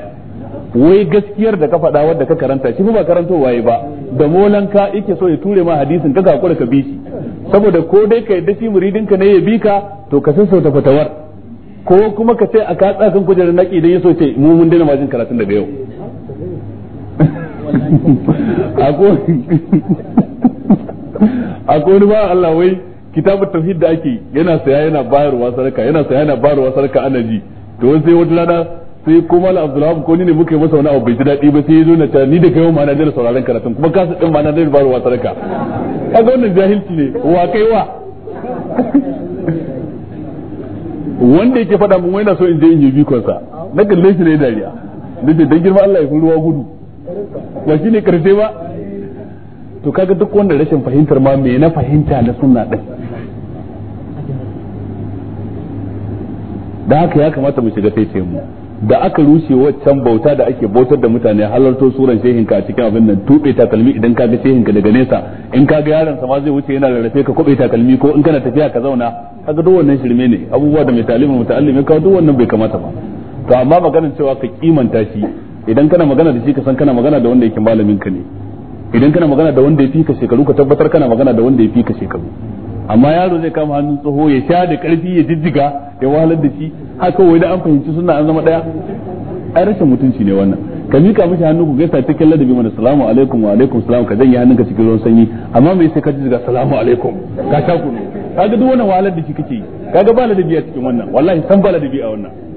wai gaskiyar da ka faɗa wadda ka karanta shi ba karanto waye ba da molanka yake so ya ture ma hadisin ka kakura ka bi shi saboda ko dai ka yadda shi muridin ka ne ya bi ka to ka san sauta fatawar ko kuma ka ce a ka tsakan kujerar naki dan yaso ce mu mun dena majin karatun daga yau *laughs* akwai *laughs* ba Allah wai kitabut tauhid da ake yana saya yana bayarwa sarka yana saya yana bayarwa sarka ana ji to sai wata rana sai ko mala abdullahi ko ni ne muke masa wani abu bai ji daɗi ba sai ya zo na ta ni da kai ma na da sauraron karatun kuma kasa din ma na da bayarwa sarka kaga wannan jahilci ne wa kai wa wanda yake faɗa mun wai na so in je in yi bikon sa na kalle shi ne dariya nake dan girma Allah ya fi ruwa gudu ba shine karshe ba to kaga duk wanda rashin fahimtar ma me na fahimta na sunna din da haka ya kamata mu shiga sai mu da aka rushe waccan bauta da ake bautar da mutane halarto suran ka a cikin abin nan tube takalmi idan kaga ka daga nesa in kaga yaron sa ma zai wuce yana rarrafe ka kube takalmi ko in kana tafiya ka zauna kaga duk wannan shirme ne abubuwa da mai talimin muta'allimin ka duk wannan bai kamata ba to amma maganar cewa ka kimanta shi idan kana magana da shi ka san kana magana da wanda yake malamin ka ne idan kana magana da wanda ya fi ka shekaru ka tabbatar kana magana da wanda ya fi ka shekaru amma yaro zai kama hannun tsoho ya sha da karfi ya jijjiga ya wahalar da shi haka wai da an fahimci suna an zama daya ai rashin mutunci ne wannan ka mika mishi hannu ku gaisa cikin ladabi mana salamu alaikum wa alaikum salam ka janye hannunka cikin ruwan sanyi amma me sai ka jijjiga salamu alaikum ka sha kunu kaga duk wannan wahalar da shi kake yi kaga ba ladabi a cikin wannan wallahi san ba ladabi a wannan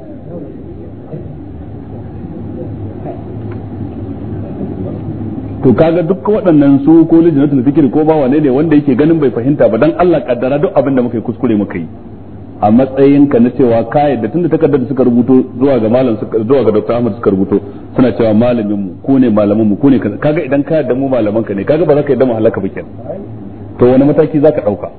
to kaga duk waɗannan su ko lijinatul fikir ko ba wane ne wanda yake ganin bai fahimta ba dan Allah kaddara duk abin da muka yi kuskure muka yi a matsayin ka na cewa ka yadda tunda takardar da suka rubuto zuwa ga malam zuwa ga Dr. Ahmad suka rubuto suna cewa malamin mu ko ne malamin mu ko ne kaga idan ka yadda mu malaman ka ne kaga ba za ka yadda mu halaka ba to wani mataki za ka dauka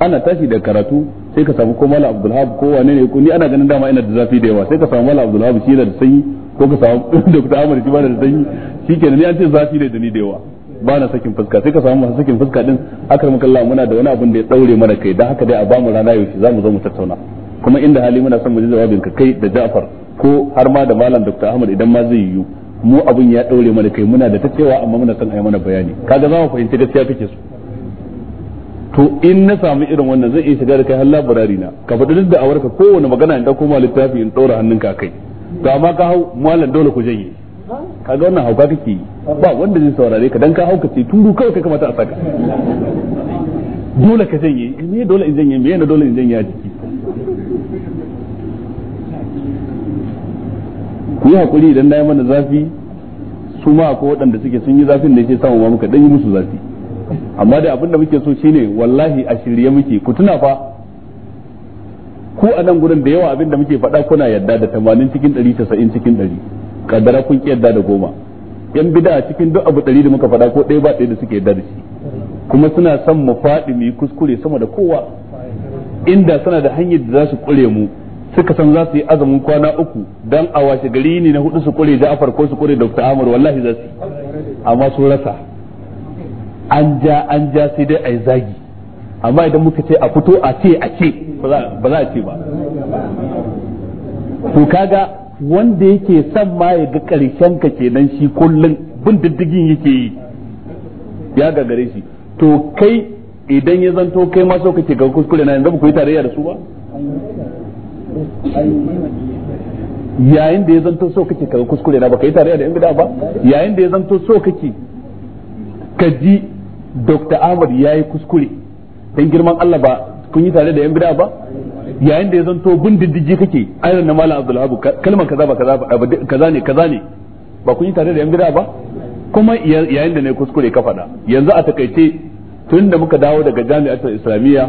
ana tashi da karatu sai ka samu ko malam Abdulhab ko wane ne ko ni ana ganin dama ina da zafi da yawa sai ka samu malam Abdulhab shi da sanyi ko ka samu Dr. Ahmad shi ba da sanyi shikenan ni an ce zafi ne da ni da yawa ba na sakin fuska sai ka samu masu sakin fuska din akar muka Allah muna da wani abin da ya daure mana kai dan haka dai a bamu mu rana yaushe zamu zo mu tattauna kuma inda hali muna son mu ji jawabin ka kai da Ja'far ko har ma da malam Dr. Ahmad idan ma zai yiwu mu abin ya daure mana kai muna da tacewa amma muna son a yi mana bayani kaga za mu fahimci gaskiya kake so to in na samu irin wannan zai iya shiga da kai har laburari na ka faɗi duk da awarka kowane magana in ɗauko ma littafi in ɗora hannunka kai to amma ka hau mallan dole ku janye kaga wannan hauka kake yi ba wanda zai saurare ka dan ka hauka sai turu kawai ka kamata a saka dole ka janye me dole in janye me yana dole in janye a jiki ku yi hakuri idan na yi mana zafi su ma ko waɗanda suke sun yi zafin da yake samu ma muka dan yi musu zafi amma da abin da muke so shine wallahi a shirye muke ku tuna fa ku a nan gurin da yawa abin da muke faɗa kuna yadda da tamanin cikin ɗari tasa'in cikin ɗari kadara kun ki yadda da goma yan bida a cikin duk abu ɗari da muka faɗa ko ɗaya ba ɗaya da suke yadda shi kuma suna son mu faɗi mu yi kuskure sama da kowa inda suna da hanyar da za su ƙure mu suka san za su yi azumin kwana uku dan a washe gari ne na hudu su ƙure Ja'far ko su ƙure Dr. Amur wallahi za su amma su rasa an ja an ja sai dai yi zagi amma idan muka ce a fito a ce a ce ba za a ce ba to kaga wanda yake son ma ya ga karshen ka kenan shi kullun bin diddigin yake yi ya gagare shi to kai idan ya zanto kai ma so kake ga kuskure na yanzu ba ku yi tarayya da su ba yayin da ya zanto so kake ka kuskure na baka yi tarayya da yan gida ba yayin da ya zanto so kake ka ji Dr. Ahmad ya yi kuskure dan girman Allah ba kun yi tare da yan bid'a ba yayin da ya zanto bin diddigi kake ayyana na malam abdul abu kaza ba kaza ba kaza ne kaza ne ba kun yi tare da yan bid'a ba kuma yayin da ne kuskure ka faɗa yanzu a takaice tun da muka dawo daga jami'atul islamiyya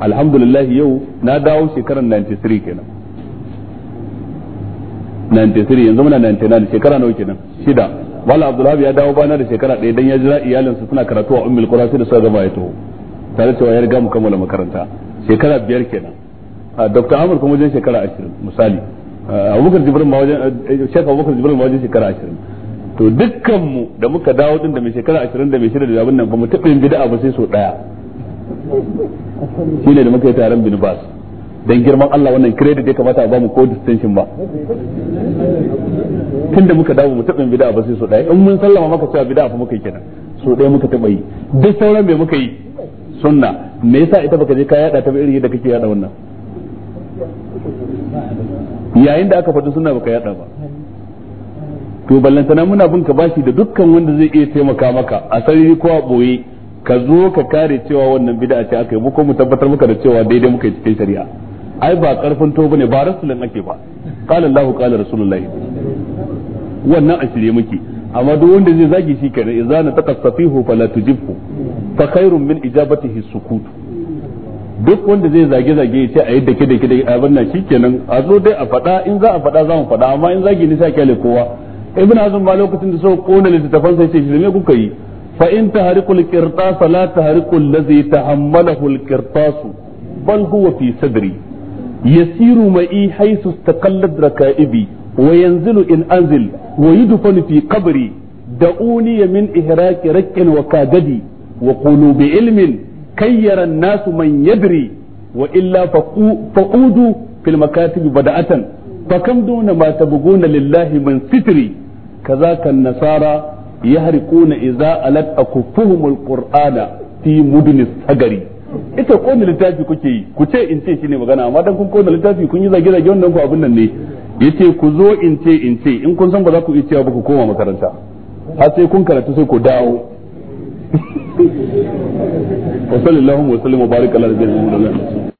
alhamdulillah yau na dawo shekarar 93 kenan 93 yanzu muna 99 shekara nawa kenan shida malam abdullahi ya dawo bana da shekara ɗaya dan ya jira iyalinsa suna karatu a ummul qura sai da suka gaba ya taho tare cewa ya riga mu kammala makaranta shekara biyar kenan a dr amur kuma wajen shekara ashirin misali abubakar jibril ma wajen eh, shekara abubakar jibril ma wajen shekara ashirin to dukkanmu da muka dawo din da mai shekara ashirin da mai shida da abin nan ba mu taɓa yin bid'a ba sai so ɗaya shine da muka yi taron bin bas dan girman Allah wannan credit ya kamata a bamu ko distinction ba tunda muka dawo mu taɓa yin bid'a ba sai so ɗaya in mun sallama maka cewa bid'a fa muka yi kenan so ɗaya muka taɓa yi duk sauran bai muka yi sunna me yasa ita baka je ka yada ta ba irin yadda kake yada wannan yayin da aka faɗi sunna baka yada ba to ballantana muna bin bashi da dukkan wanda zai iya taimaka maka a sarari ko a boye ka zo ka kare cewa wannan bid'a ce aka yi ko mu tabbatar maka da cewa daidai muka yi cikin shari'a ai ba karfin to bane ba rasulun ake ba qala Allahu qala rasulullahi wannan a shirye muke amma duk wanda zai zagi shi kenan idza na taqassafihu fala tujibhu fa khairun min ijabatihi sukutu duk wanda zai zage zage ya ce a yadda ke da ke da abin nan shikenan a zo dai a faɗa in za a faɗa za mu faɗa amma in zagi ne sai kyale kowa ibn azum lokacin da sau kona littattafan sai ce shi me kuka yi fa in tahrikul qirtas la tahrikul ladhi tahammalahu al qirtas bal huwa fi sadri yasiru ma'i haythu istaqallat raka'ibi wa yanzilu in anzil wa yudfanu fi qabri da'uni min ihraqi rakkin wa kadadi wa qulu bi ilmin kayyara an-nasu man yadri wa illa faqudu fil makatib bada'atan fa kam duna ma tabghuna lillahi man sitri kazaka an-nasara yahrikuna idza alat akufuhum al fi mudnis sagari ita kona litafi kuke yi ku ce in ce ne magana amma dan kun kona litafi kun yi zage zage wannan ku abun nan ne yace ku zo in ce in ce in kun san ba za ku iya cewa ba ku koma makaranta har sai kun karatu sai ku dawo *laughs* wa sallallahu wa sallam wa baraka ala